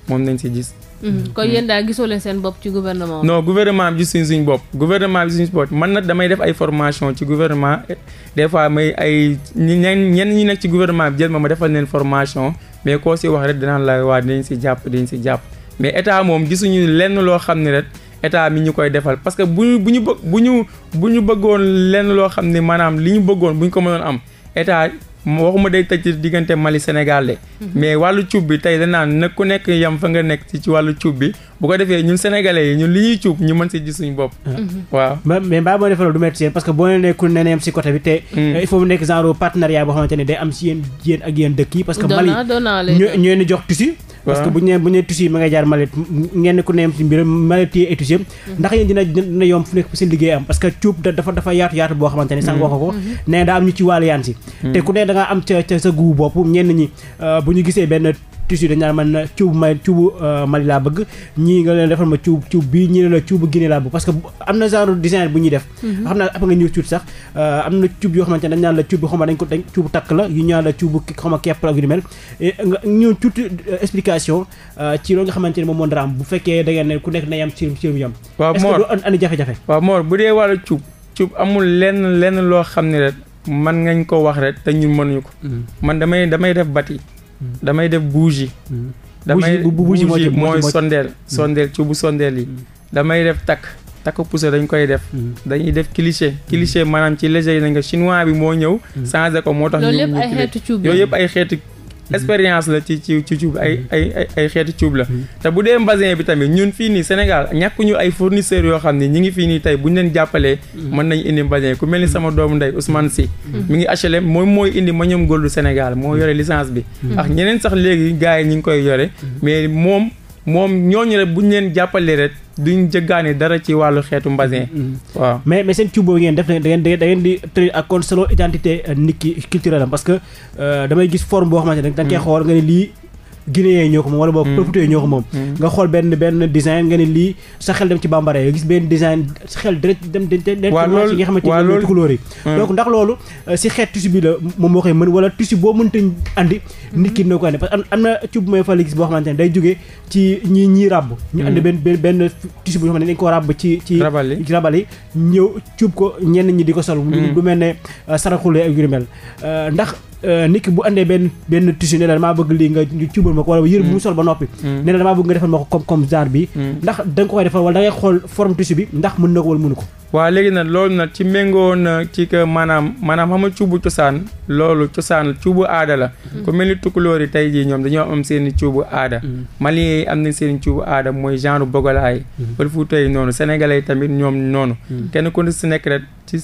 moom nañ si gis. Mhm. kon mhm. yéen daal gisoo leen seen bopp ci gouvernement non gouvernement bi gis suñ suñ bopp gouvernement bi gis suñ bopp man nag damay def ay formation ci gouvernement des fois may ay ñenn ñenn ñi nekk ci gouvernement bi jël ma ma defal leen formation mais koo si wax rek dinaan la waa dañ si jàpp dañ si jàpp mais état moom gisuñu lenn loo xam ne rek état mi ñu koy defal parce que bu bu ñu bu ñu bu ñu bëggoon lenn loo xam ne maanaam li ñu bëggoon bu ñu ko mënoon am waxuma day tëj ci diggante Mali Sénégal mm-hmm. mais wàllu cuub bi tey naan nag ku nekk yam fa nga nekk ci ci wàllu cuub bi bu ko defee ñun sénégalais yi ñun li ñuy cuub ñu mën si gis suñu bopp mm-hmm. waaw mais mbaa moo defaloon du metti seen parce que boo nee ne ku ne mm. ne am si yéen yéen ak yéen dëkk yi parce que Mali ñu leen di jox tissu nee bu ñu nee tissu yi ma ngay jaar Mali ku ne mm-hmm. am parce que cuub dafa dafa yaatu boo xamante ne sax wax ko mm-hmm. ne daa am ñu ci wàllu yaan si mm. te ku ne da am ca guu bopp ñenn ñi euh, bu ñu gisee benn tissu dañ naan man cuub ma cuubu euh, Mali laa bëgg ñii nga leen defal ma cuub cuub bii ñii ne la cuubu Guinée laa bëgg parce que am na genre design bu ñuy def mhm. xam naa ap nga sax euh, am na cuub yoo xamante ne dañ naan la cuub bi xaw ma dañ ko dañ euh, ci loolu nga xamante ne moom moo daraam bu fekkee da ngeen ne ku nekk na yam ci ci yam est-ce que du andi jafe-jafe waaw Mor bu dee wàllu cuub cuub amul lenn lenn loo xam ne rek man ngañ ko wax rek te ñun mënuñu ko mhm. man damay damay def bati damay def yi hmm. damay bougie mooy sondeel hmm. sondeel ci bu sondeel yi hmm. damay def takk takk poussé dañ koy def dañuy def cliché cliché maanaam ci léger yi na nga chinois bi moo ñëw changé ko moo tax ñu yooyu yëpp ay xeetu expérience la ci ci ci cuub ay ay ay xeeti cuub la te bu dee mbasin bi tamit ñun fii nii Sénégal ñàkkuñu ay fournisseurs yoo xam ne ñi ngi fii nii tey bu ñu leen jàppalee mën nañu indi mbasin ku mel ni sama doomu ndey Ousmane si mi ngi HLM moom mooy indi ma ñoom góorlu Sénégal moo yore licence bi mm-hmm. ak ñeneen sax léegi gars yi ñi ngi koy yore mais moom moom ñooñu rek bu ñu leen jàppalee rek duñ jëggaani dara ci wàllu xeetu mbasin. Mm-hmm. Mm-hmm. waaw mais mais seen cuub ngeen def da ngeen da ngeen di tëri ak kon selon identité euh, nit ki culturelle am parce que euh, damay gis forme boo xamante ne da nga koy mm-hmm. xool nga ne lii. guinéen yi ñoo ko moom wala boog mm. pëputo yi ñoo ko moom mm. nga xool benn benn design nga ne lii sa xel dem ci bambara yi gis benn design sa xel direct dem directement ci nga xamante ne tukulóor yi mm. donc ndax loolu euh, si xeet tissu bi la moom moo koy mën wala tissu boo mënta andi nit ki dina ko andi parce que am na cub may fa la gis boo xamante ne day jógee ci ñi ñii ràbb ñu andi benn benn tissu bu xamante ne dañ ko ràbb ci ci rabal yi ñëw cub ko ñenn ñi di ko sol lu mel ne euh, saraxule ak yu mel euh, ndax Euh, nit ki bu andee benn benn tissu ne la damaa bëgg lii nga cuubal ma ko wala yër bu mu sol ba noppi mm. ne la damaa bëgg nga defal ma ko comme comme genre bi mm. ndax da nga ko koy defal wala da xool forme tissu bi ndax mën na ko wala mënu ko waaw léegi nag loolu nag ci méngoo na ci que maanaam maanaam xam nga cuubu cosaan loolu cosaan cuubu aada la mm. ku mel ni tukulóor yi tey jii ñoom dañoo am seen i cuubu aada malien yi am nañ seen i cuubu mooy genre bogolaay wala Fuuta yi noonu sénégalais yi tamit ñoom noonu kenn ku ne si nekk rek ci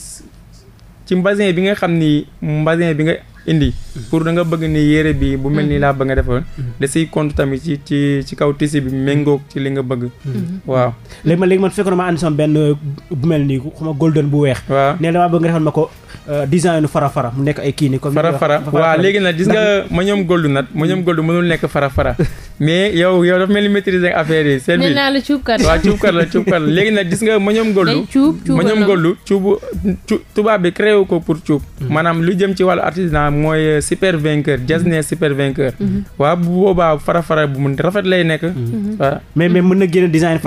ci mbasin bi nga xam ni mbasin bi nga indi pour da nga bëgg ni yére bi bu mel ni mm-hmm. laa bëgg nga defoon mm-hmm. da siy compte tamit ci ci ci kaw tissu bi méngoog ci li nga bëgg mm-hmm. waaw léegi man léegi man fekkoon na ma andi sama benn bu mel nii xuma golden bu weex waaw nee damaa bëgg nga defoon ma ko Euh, design fara fara mu nekk ay kii ni comme fara fara waaw léegi nag gis nga ma ñoom goldu nag ma ñoom goldu mënul nekk fara fara [LAUGHS] mais yow yow dafa mel affaire yi seen bi nee naa la cuubkat waaw cuubkat la cuubkat la léegi nag gis nga ma ñoom goldu ma ñoom goldu cuubu tubaab bi créé ko pour cuub mm-hmm. maanaam lu jëm ci wàll artisanat mooy euh, super vainqueur jasne mm-hmm. super vainqueur mm-hmm. waaw bu boobaa fara fara bu mun rafet lay nekk waaw mais mais mën na génn design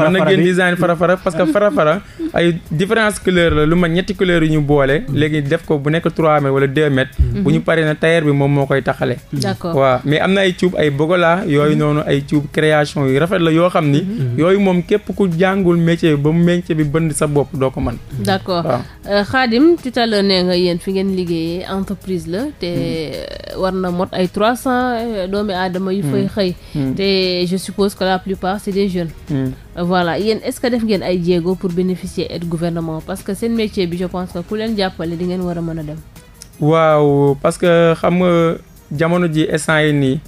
fara fara parce que fara fara ay différence couleur lu ma ñetti couleur yu ñu boole léegi def ko bu nekk 3 mètres wala 2 mètres. Mhm. bu ñu paree na tailleur bi moom moo koy taxale. d'accord waaw mais am na ay cuub ay bogola yooyu mhm. noonu ay cuub création yu rafet la yoo xam ni. Mhm. yooyu moom képp ku jàngul métier ba métier bi bënd sa bopp doo ko mën. d'accord euh, Khadim tout à l'heure nee nga yéen fi ngeen liggéeyee entreprise la te war na mot ay 300 euh, doomi aadama yu fay xëy. te je suppose que la plupart c'est des jeunes. Euh, voilà yéen est def ngeen ay jéego pour bénéficier aide war a mën waaw parce que xam nga jamono ji instant yi nii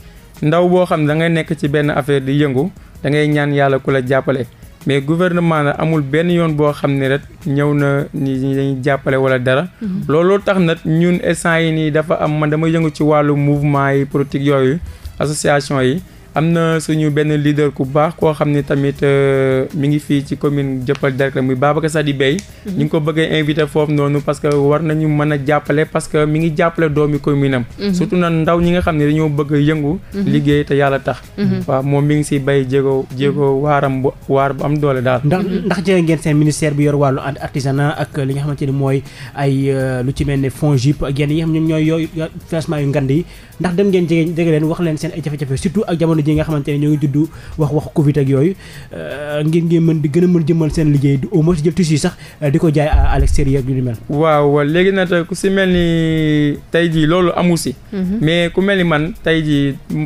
ndaw boo xam ne da ngay nekk ci benn affaire di yëngu dangay ñaan yàlla ku la jàppale mais gouvernement na amul benn yoon boo xam ne rek ñëw na ni dañuy jàppale wala dara. Mhm. looloo tax nag ñun instant yi nii dafa am man dama yëngu ci wàllu mouvement yi politique yooyu association yi. am na suñu benn leader ku baax koo xam ne tamit euh, mu ngi fii ci commune jëppal Derklé muy Babacar Sadi Bey mhm. ñu ngi ko bëggee invité foofu noonu parce que war nañu mën a jàppale parce que mi ngi jàppale doomi commune am mhm. surtout na ndaw ñi nga xam ne dañoo bëgg yëngu mhm. liggéey te yàlla tax waaw moom mi ngi si bay jéego jéego waaram bu waar bu am doole daal ndax ndax jëlee ngeen seen ministère bi yor wàllu artisanat ak li nga xamante ni mooy ay euh, lu ci mel ni fonds JIP ak yenn yi xam ñooy yooyu financement yu ngand ndax dem ngeen jege jege leen wax leen seen ay jafe-jafe surtout ak jamono ji nga xamante ne ñoo ngi judd wax wax Covid ak yooyu euh, ngir ngeen mën di gën a mën jëmmal seen liggéey au moins jël tissu yi sax euh, di ko jaay à l'extérieur yu ni mel. waaw léegi nag ku si mel ni tey jii loolu amu si. Mhm. mais ku mel ni man tey ji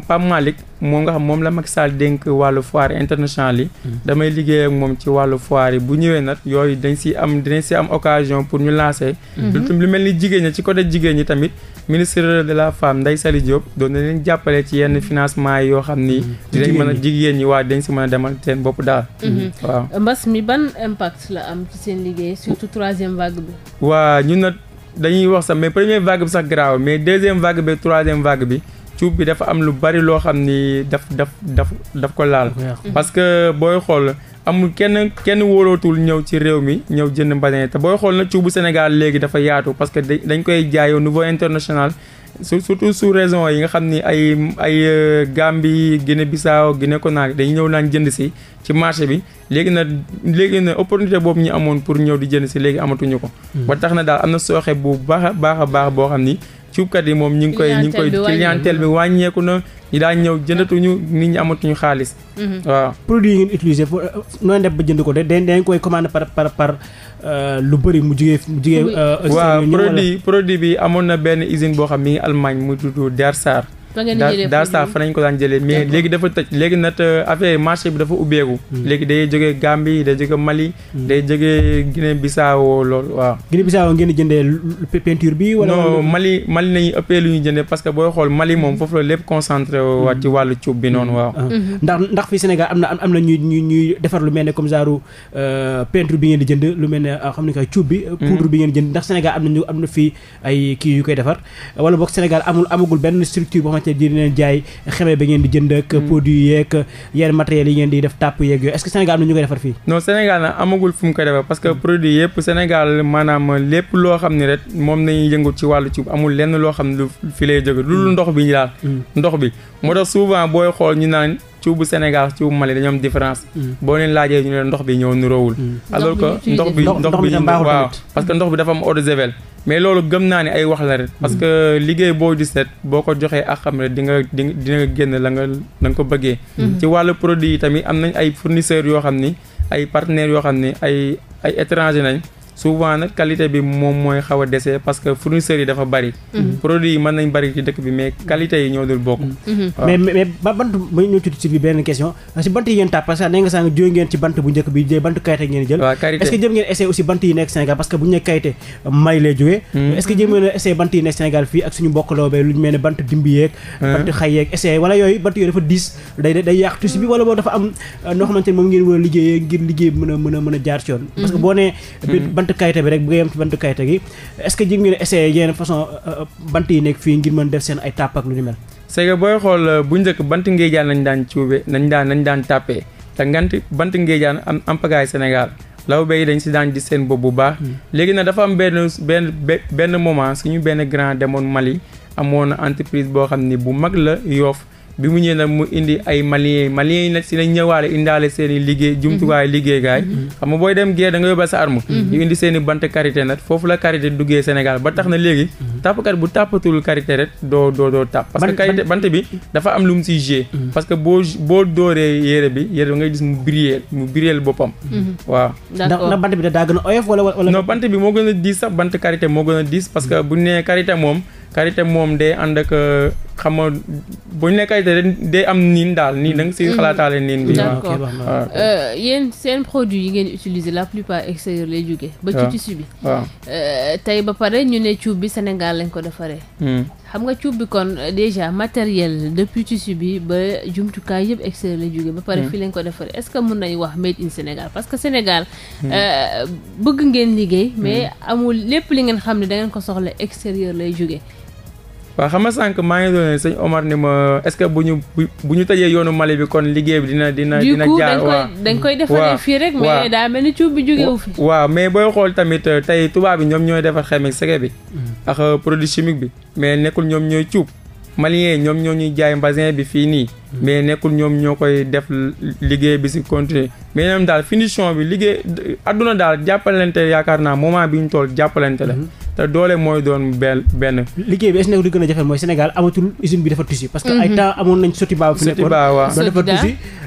Pape Malick moom nga xam moom la mag Sall dénk wàllu foir international yi. Hmm. damay liggéey ak moom ci wàllu foire yi bu ñëwee nag yooyu dañ si am dinañ si am occasion pour ñu lancer. Mhm. lu mel ni jigéen ña ci côté jigéen ñi tamit. ministre de la femme Ndeye Saly Diop doon na leen jàppale ci yenn financement yi yoo xam ni. Mm-hmm. dinañ mën a jigéen ñi waa dañ si mën a demal seen bopp daal. Mm-hmm. waaw mbas mi ban impact la am ci seen liggéey surtout troisième vague bi. waa ñu nag dañuy wax sax mais première vague bi sax garaaw mais deuxième vague bi troisième vague bi. cuub bi dafa am lu bari loo xam ni daf daf daf daf ko laal parce que booy xool amul kenn kenn wóolootul ñëw ci réew mi ñëw jënd mbasin te booy xool na bu Sénégal léegi dafa yaatu parce que dañ koy jaay au niveau international surtout su raison yi nga xam ni ay ay euh, Gambie Guinée Bissau Guinée Conakry dañ ñëw naan jënd si ci marché bi léegi na léegi na opportunité boobu ñu amoon pour ñëw di jënd si léegi amatuñu ko hmm. ba na daal am na sooxe bu baax cuubkat yi moom ñu ngi koy ñu ngi koy clientèle bi wàññeeku na ñi daan ñëw jëndatuñu nit ñi amatuñu xaalis mhm. waaw produit yi ngeen utiliser fo euh, noonu def ba jënd ko de dañ dañ koy commande par par par euh, lu bari mu jugee mu jugee euh, waaw produit produit bi amoon na benn usine boo xam mi ngi Allemagne mu tudd Dersar daal saa fa nañ ko daan jëlee mais léegi dafa tëj léegi nag euh, affaire marché bi dafa ubbeeku hmm. léegi day jógee Gambie day jógee Mali hmm. day jógee Guinée Bissau loolu waaw Guinée Bissau ngeen jëndee peinture bi wala Mali Mali nañu ëppee lu ñu jëndee parce que booy xool Mali moom hmm. foofu la lépp concentré waat ci wàllu cuub bi noonu waaw ah. ndax ndax fii Sénégal am na am na ñuy ñu ñuy defar lu mel ne comme genre euh, peinture bi ngeen di jënd lu mel ne euh, xam ne kay bi poudre bi ngeen jënd ndax Sénégal am na ñu am fii ay kii yu koy defar wala boog Sénégal amul amagul benn structure xamante di leen jaay xeme ba ngeen di jënd hmm. produit yeeg yenn matériels yi ngeen di def tàpp yeeg yooyu est-ce que Sénégal am na ñu koy defar fii non Sénégal nag amagul fu mu defar parce que hmm. produit yëpp Sénégal maanaam lépp loo xam ne rek moom nañuy yëngu ci wàllu ci amul lenn loo xam ne lu fi lay jóge lu ndox bi ñu daal hmm. ndox bi moo tax souvent booy xool ñu naan ciw bu Sénégal ciw bu Mali dañoo am différence. Mm. boo leen laajee ñu ne ndox bi ñëw niroowul. Mm. alors que ndox bi ndox bi waaw parce que ndox bi dafa am eau de javel mais loolu gëm naa ne ay wax la rek. Mm. parce que liggéey boo gis rek boo ko joxee ak xam ne di nga dinga nga génn langa nga nga ko bëggee. Mm-hmm. ci wàllu produit yi tamit am nañ ay fournisseurs yoo xam ni ay partenaires yoo xam ni ay ay étrangers nañ. souvent nag qualité bi moom mooy xaw dese parce que fournisseurs yi dafa bari. Mhm. produits yi mën nañ bari ci dëkk bi mais qualité yi ñoo dul bokk. Mhm. mais mais bant yi ngeen tàpp parce que bu njëkk bi de bant ngeen jël. waaw jëm ngeen essayer bant yi nekk Sénégal parce que bu ñu nee qualité may lay jógee. Mhm. est jëm ngeen essayer bant yi nekk Sénégal fii ak suñu ñu ne bant dimbi yeeg. bant xay yeeg essayer wala bant yooyu dafa diis day day yàq tuuti bi wala boo dafa am euh, bant kayite bi rek bu ngay yem bant kayite gi est-ce que jig ngeen essayé yenn façon euh, euh, bant yi nekk fii ngir mën def seen ay tàpp lu ñu mel c'est booy xool euh, bu njëkk bant ngéejaan nañ daan cuube nañ daan nañ daan tàppee te ngant bant ngeejaan am am pagaay Sénégal law béy dañ si daan gis seen bopp bu baax hmm. léegi nag dafa am benn benn benn moment suñu benn grand demoon Mali amoon entreprise boo xam ni bu mag la yoof bi mu ñëwee nag mu indi ay maliens maliens yi nag si lañ ñëwaale indaale seen i liggéey jumtuwaay liggéey gaay mm-hmm. Mm-hmm. xam booy dem guerre da nga yóbbal sa arme mm-hmm. ñu indi seen i bant karité nag foofu la karité duggee Sénégal ba tax na léegi tàppkat bu tàppatul karité rek doo doo doo tàpp parce que karité bant bi dafa am lu mu siy gée parce que boo boo dóoree yére bi yére bi ngay gis mu briller mu briller boppam waaw ndax bant bi daa gën a oyof wala wala bant bi moo gën a diis sax bant karité moo gën a diis que bu nee karité moom karité moom day ànd ak euh, xam nga bu ñu nekkay day am niin daal nii da nga xalaataa mm. xalaataale niin bi. d'accord ah, ah. euh, yéen seen produit yi ngeen utiliser la plupart extérieur lay jóge ba ci ah. tissu bi. waaw euh, tey ba pare ñu ne cuub bi Sénégal lañ ko defaree. Hmm. xam nga cuub bi kon euh, déjà matériel depuis tissu bi ba jumtukaay yëpp extérieur lay jóge ba pare hmm. fii lañ ko defaree est-ce que mun nañu wax made in Sénégal parce que Sénégal. Hmm. bëgg ngeen liggéey mais amul lépp li ngeen xam ne da ngeen ko soxla extérieur lay jóge waa xam nga sànq maa ngi doon sëñ Omar ni ma est-ce que bu ñu bu ñu tëjee yoonu Mali bi kon liggéey bi dina dina dina jaar dañ koy defaree fii rek mais daa mel ni cuub bi jógewu mais booy xool tamit euh, tey tubaab bi ñoom ñooy defar xemeeg sege bi mm-hmm. ak euh, produit chimique bi mais nekkul ñoom ñooy cuub maliens ñoom ñoo ñuy jaay mbasin bi fii nii mm-hmm. mais nekkul ñoom ñoo koy def liggéey bi si continuer mais ñoom daal finition bi liggéey adduna daal jàppalante yaakaar naa moment bi ñu tool jàppalante la mm-hmm. te doole mooy doon benn benn. liggéey bi est-ce gën a jafe mooy Sénégal amatul usine bi mhm.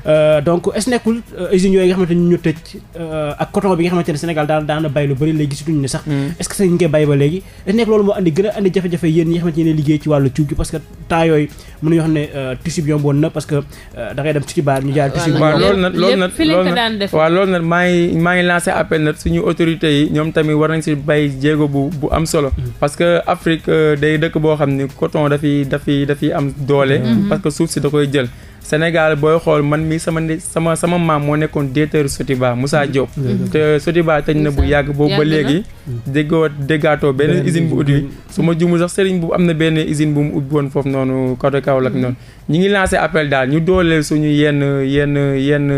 euh, donc est-ce nekkul euh, nga xamante ni ñu tëj euh, nga xamante mhm. a andi jafe-jafe yéen ñi nga xamante ne liggéey ci wàllu cuub gi parce que temps que da ngay dem ci baar nag suñu autorités yi ñoom tamit war nañ si bàyyi jéego bu bu am solo mm-hmm. parce que Afrique euh, day dëkk boo xam ni coton dafiy dafi dafiy am doole mm-hmm. parce que suuf si da koy jël Sénégal booy xool man mi sama sama sama maam moo nekkoon directeur Sotiba Moussa mm-hmm. Diop te Sotiba tëj na bu yàgg boobu ba léegi déggoo déggaatoo benn usine bu ut bi su ma jumu sax Serigne bu am na benn usine bu mu ubbi woon foofu noonu côté Kaolack noonu ñi ngi lancé appel daal ñu dooleel suñu yenn yenn yenn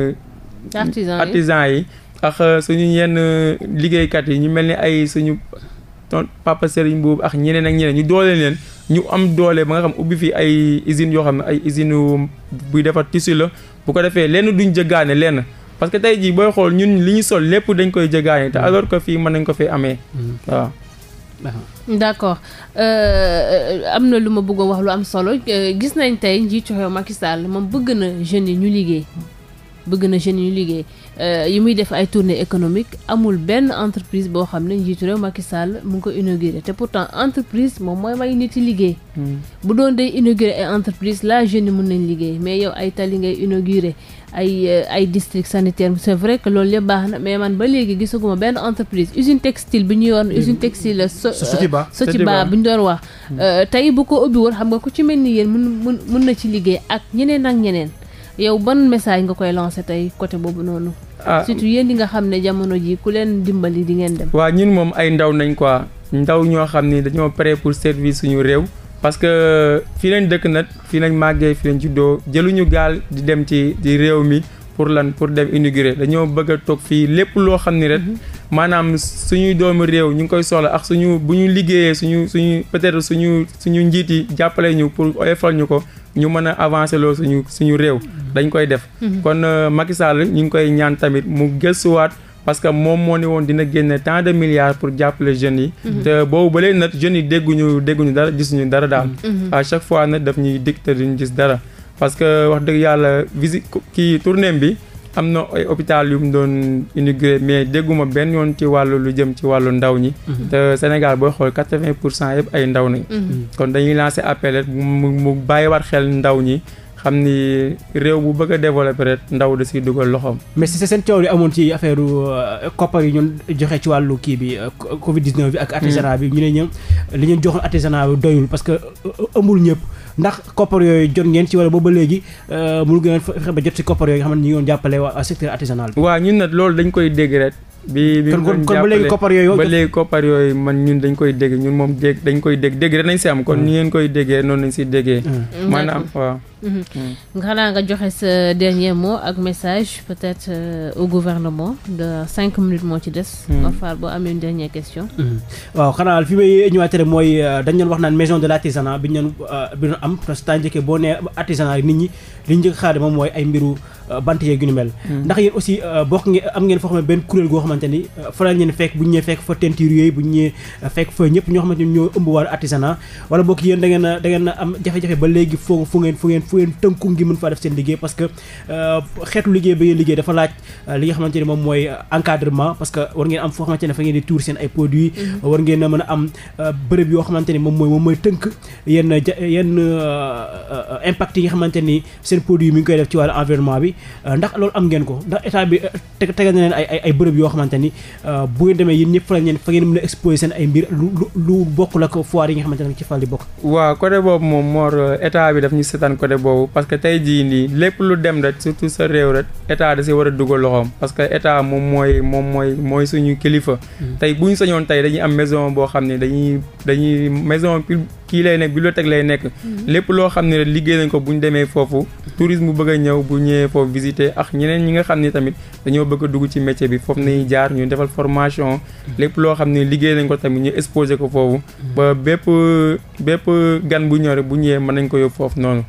artisan yi ak euh, suñu yenn euh, liggéeykat yi ñu mel ni ay suñu ton papa Serigne boobu ak ñeneen ak ñeneen ñu doole leen ñu am doole ba nga xam ubbi fii ay usines yoo xam ne ay usines buy defar tissu la bu ko defee lenn duñ jëggaane lenn parce que tey jii booy xool ñun li ñu sol lépp dañ koy jëggaane te mm-hmm. alors que fii mën nañ ko fi amee mm-hmm. waaw d' accord euh, am na lu ma bëggoon wax lu am solo euh, gis nañ tey njiitu réew Macky Sall moom bëgg na jeunes yi ñu liggéey bëgg na jeunes yi ñu liggéey Euh, yi muy def ay tournée économique amul benn entreprise boo xam ne njiitu réew Macky Sall mu ko inauguré te pourtant entreprise moom mooy may nit yi liggéey. Hmm. bu doon day inauguré ay la jeune yi nañ liggéey mais yow ay tali ngay inauguré ay euh, ay district sanitaire c' est vrai que loolu yëpp baax na mais man ba léegi gisaguma benn entreprise usine textile bi ñu yoon usine hmm. textile euh, Sotiba Sotiba bu ñu doon wax hmm. tey bu ko ubbi woon xam nga ku ci mel ni yéen mun mun mun na ci liggéey ak ñeneen ak ñeneen yow ban message nga koy lancé tey côté boobu noonu ah surtout yéen ñi nga xam ne jamono ji ku leen dimbali di ngeen dem. waaw ñun moom ay ndaw nañ quoi ndaw ñoo xam ni dañoo pare pour service suñu réew. parce que fii lañ dëkk nag fii lañ màggee fi fii lañ juddoo jëluñu gaal di dem ci di réew mi pour lan pour dem inaugurer dañoo bëgg a toog fii lépp loo xam ni rek. Mhm. maanaam suñuy doomu réew ñu ngi koy soxla ak suñu bu ñu liggéeyee suñu suñu peut-être suñu suñu njiit yi jàppale ñu pour oyofal ñu ko. ñu mën a avancer loo suñu suñu réew dañ koy def mm-hmm. kon euh, Macky Sall ñu ngi koy ñaan tamit mu gëstuwaat parce que moom moo ni woon dina génne tant de milliards pour jàppale jeunes yi mm-hmm. te boobu ba léegi nag jeunes yi dégguñu dégguñu dara gisuñu dara daal mm-hmm. à chaque fois nag daf ñuy dicté duñu gis dara parce que wax dëgg yàlla visite kii tournée bi am na ay hôpital yu mu doon inauguré mais dégguma benn yoon ci wàllu lu jëm ci wàllu ndaw ñi. Mhm. te Sénégal booy xool quatre vingt pour cent yëpp ay ndaw nañ. Mhm. kon dañuy lancer appel mu mu war xel ndaw ñi. xam ni réew bu bëgg a développé rek ndaw da si dugal loxoom. mais si seen coow li amoon ci affaire euh, koppar yi ñu joxe ci wàllu kii bi euh, Covid 19 bi. ak artisanat bi mhm. ñu ne ñoom li ñu joxoon artisanat doyul parce que euh, ëmbul ñëpp. ndax koppar yooyu jot ngeen ci wala booba léegi euh, mënu ngeen fexe ba jot ci koppar yooyu nga xam ne ñu ngi waa secteur artisanal bi waaw ñun na loolu dañ koy dégg rek bi bi kon kon ba léegi koppar yooyu man ñun dañ koy dégg ñun moom dégg dañ koy dégg dégg rek nañ si am kon mm. ni ngeen koy déggee noonu lañ si déggee mm. maanaam waaw Mm-hmm. xanaa nga joxe sa dernier mot ak message peut-être euh, au gouvernement de cinq minutes moo ci des. Mafal mm-hmm. boo amee une question. Mm-hmm. waaw xanaa fi may ñëwaat rek mooy euh, dañ wax naan maison de l'artisanat bi ñu doon euh, bi ñu am parce que temps ñi li ñu njëkk xaar moom mooy ay mbiru. Euh, bant ndax yéen aussi bokk ngeen am ngeen foo xam ne goo xamante ni faral ngeen fekk fekk fa teinture yooyu bu ñu ñëwee ñëpp ñoo xamante ni ñoo ëmb wàllu artisanat wala bokk yéen da ngeen da am jafe-jafe ba léegi foo fu ngeen fu ngeen fu ngeen tënku ngi mën faa def seen liggéey parce que euh, xeetu liggéey ba ngeen liggéey dafa laaj euh, li nga xamante moom mooy euh, encadrement parce que war ngeen am foo xamante mm-hmm. moom mooy tënk yenn impact yi nga xamante ni seen produit mi ngi koy def ci wàllu environnement bi ndax loolu am ngeen ko ndax état bi tegal na leen ay ay bërëb yoo xamante ni bu ngeen demee yéen ñëpp fa ngeen fa ngeen mën a seen ay mbir lu lu bokkul ak foire yi nga xamante ne ci fal di bokk waaw côté boobu parce que tey jii nii lépp lu dem rek surtout sa réew rek état de si war a dugal loxoom parce que état moom mooy moom mooy mooy suñu kilifa. Hmm. tey bu ñu sañoon tey dañuy am maison boo xam ne dañuy dañuy maison kii lay nekk bibliothèque lay nekk. Hmm. lépp loo xam ne liggéey nañ ko bu ñu demee foofu. tourisme bu bëgg ñëw bu ñëwee foofu visiter ak ñeneen ñi nga xam ne tamit dañoo bëgg dugg ci métier bi foofu nañuy jaar ñu defal formation. lépp loo xam ni liggéey nañ ko tamit ñu exposé ko foofu. Hmm. ba bépp bépp gan bu ñëw bu ñëwee mën nañ ko yóbbu foofu noonu.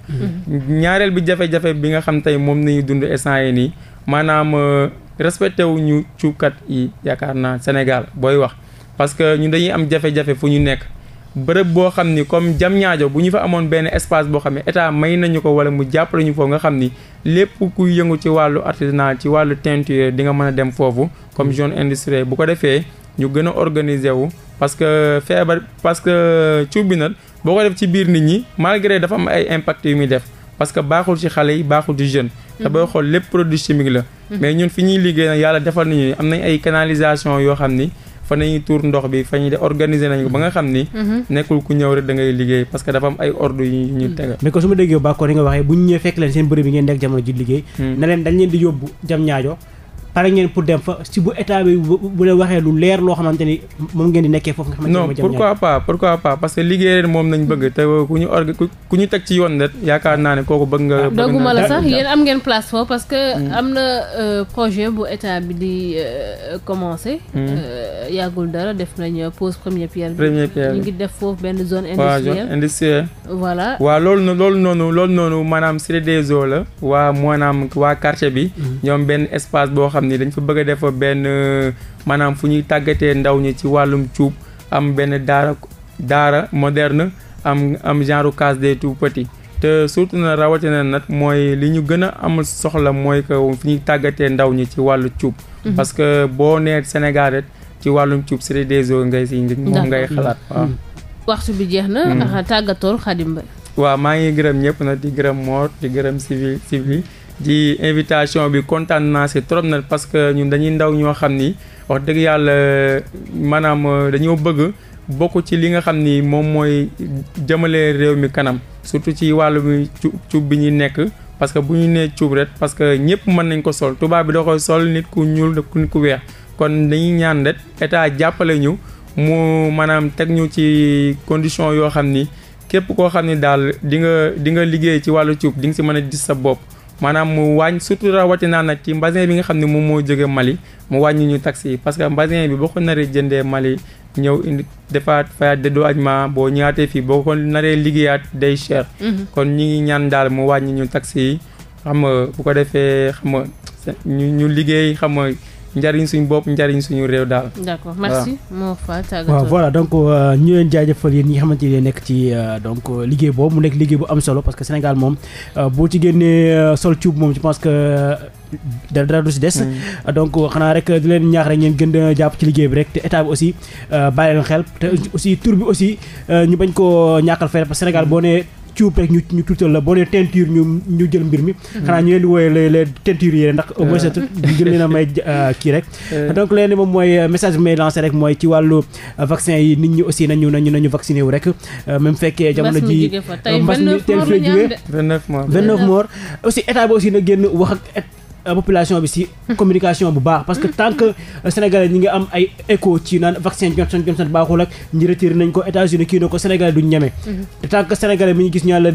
ñaareel bi jafe-jafe bi nga xam tey moom nañu dund instant yi nii maanaam euh, respecté wu ñu cuubkat yi yaakaar naa Sénégal booy wax parce que ñu dañuy am jafe-jafe fu ñu nekk bërëb boo xam ni comme jam ñaajo bu ñu fa amoon benn espace boo xam ne état may nañu ko wala mu jàppale ñu foofu nga xam ni lépp kuy yëngu ci wàllu artisanal ci wàllu teinture di nga mën a dem foofu comme zone industrielle bu ko defee ñu gën a organiser wu parce que feebar parce que euh, cuub bi boo ko def ci biir nit ñi malgré dafa am ay impact yu muy def parce que baaxul ci xale yi baaxul ci jeune te mhm. booy xool lépp produit chimique la mhm. mais ñun fi ñuy liggéey nag yàlla defal nañu am nañ ay canalisation yoo xam ni fa nañuy tuur ndox bi fa ñuy de organiser nañ ko ba nga xam ni mhm. nekkul ku ñëw rek da ngay liggéey parce que dafa am ay ordre yu ñu teg mais ko su ma déggee baax ko ni nga waxee bu ñu ñëwee fekk leen seen bërëb bi ngeen nekk jamono ji liggéey hmm. na dañ leen di jam ñaajo pare ngeen pour dem fa si bu état bi bu leen waxee lu leer loo xamante ni moom ngeen di nekkee foofu nga xamante ni non pourquoi pas pourquoi pas parce que liggéey leen moom nañ bëgg te ku ñu org ku ñu teg ci yoon det yaakaar naa ne kooku bëgg nga dogguma la sax yéen am ngeen place parce que mm. am na euh, projet bu état bi di euh, commencé mm. euh, yàggul dara def nañ pose première pierre bi ñu ngi def foofu benn zone industrielle voilà waaw loolu noonu loolu noonu loolu noonu maanaam la waa maanaam waa bi mm. xam ni dañ fa bëgg a def benn maanaam fu ñuy tàggatee ndaw ñi ci wàllum cuub am benn daara daara moderne am am genre case de tout petits te surtout na rawatina nag mooy li ñu gën a am soxla mooy que fu ñuy tàggatee ndaw ñi ci wàllu cuub. Mhm. parce que boo nee Sénégal ci wàllum cuub Seredezo ngay si njëkk moom ngay xalaat waaw. Mhm. waxtu bi jeex na. Mhm. tàggatool Xadim Mbaye. waaw maa ngi gërëm ñëpp nag di gërëm Mor di gërëm civil civil. di invitation bi kontaan naa si trop na parce que ñun dañuy ndaw ñoo xam ni wax dëgg yàlla maanaam euh, dañoo bëgg bokk ci li nga xam ni moom mooy jëmale réew mi kanam surtout ci wàllum cu cuub bi ñuy nekk parce que bu ñu nee cuub rek parce que ñëpp mën nañ ko sol tubaab bi da koy sol nit ku ñuul nit ku weex kon dañuy ñaan rek état jàppale ñu mu maanaam teg ñu ci condition yoo xam ni képp koo xam ni daal di nga di nga liggéey ci wàllu cuub di nga si mën a gis sa bopp maanaam mu wàññ surtout rawatina nag ci mbasin bi nga xam ne moom moo jóge Mali mu wàññi ñu taxe yi parce que mbasin bi boo ko naree jëndee Mali ñëw indi defaat fayaat dédommagement boo ñëwaatee fii boo ko naree liggéeyaat day cher. Mhm. kon ñu ngi ñaan daal mu wàññi ñu taxe yi xam nga bu ko defee xam ñu ñu liggéey xam nga njariñ suñu bopp njariñ suñu réew daal. d'accord merci moo fa tàggatoo waaw voilà donc euh, ñu leen jaajëfal yéen ñi nga xamante ne nekk ci euh, donc euh, liggéey boobu mu nekk liggéey bu am solo parce que Sénégal moom boo ci génnee sol cuub moom je pense que. dara du si des mm. donc xanaa rek di leen ñaax rek ñeen gën a jàpp ci liggéey bi rek te état bi aussi bàyyi leen xel te aussi tur bi aussi ñu bañ koo ñàkkal fay parce que Sénégal boo nee cuub rek ñu ñu tuutal la boo nee teinture ñu jël mbir mi mhm. xanaa ñu leen di wooye les les teinturiers ndax au moins jël leen a may euh, kii rek donc leen moom mooy euh, message bi may lancé rek mooy ci wàllu euh, vaccin yi nit ñi aussi nañu nañu nañu vacciné wu rek même fekkee jamono ji mbas fee jógee vingt neuf aussi état aussi na génn wax ak Euh, population bi si communication bu baax parce que tant que euh, sénégalais ñi ngi am ay éco ci naan vaccin Johnson Johnson baaxul ak ñi nañ ko États-Unis kii na ko sénégalais duñ ñeme mhm. te tant que sénégalais gis ñaan la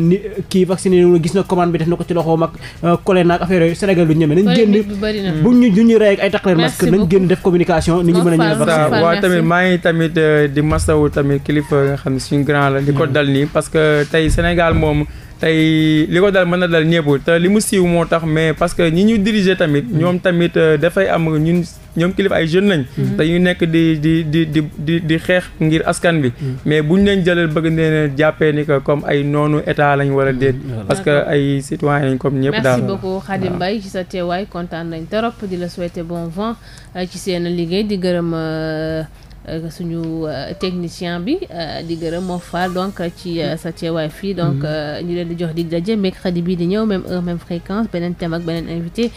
kii vacciné na gis na commande bi def na ko ci loxoom ak euh, collègue naag affaire yooyu sénégalais duñ ñeme nañ génn buñ ñu duñuy rey ak ay taqaleer masque nañ génn def communication ni ñi mën a ñëw vaccin waaw tamit maa ngi tamit di masawu tamit kilifa nga xam ne suñu grand la li ko dal nii parce que tey Sénégal moom tey li ko dal mën na dal ñëpp te li mu siiw moo tax mais parce que ñi ñu diriger tamit mm-hmm. ñoom tamit euh, dafay am ñun ñoom kilifa ay jeunes nañ te mm-hmm. nekk di di di di di di xeex ngir askan bi mm-hmm. mais bu ñu leen jëlal bëgg nee jàppee ni que comme ay noonu état lañ war a déet parce que ay citoyen lañ comme ñëpp daal merci beaucoup Khadim Mbaye ci sa teewaay kontaan nañ trop di la souhaiter bon vent euh, ci seen liggéey di gërëm euh, Euh, suñu euh, technicien bi euh, di gërëm moo faal donc ci sa teewaay fii donc mhm. ñu leen di jox dig daje mercredi bii di ñëw même heure même fréquence beneen tem ak beneen invité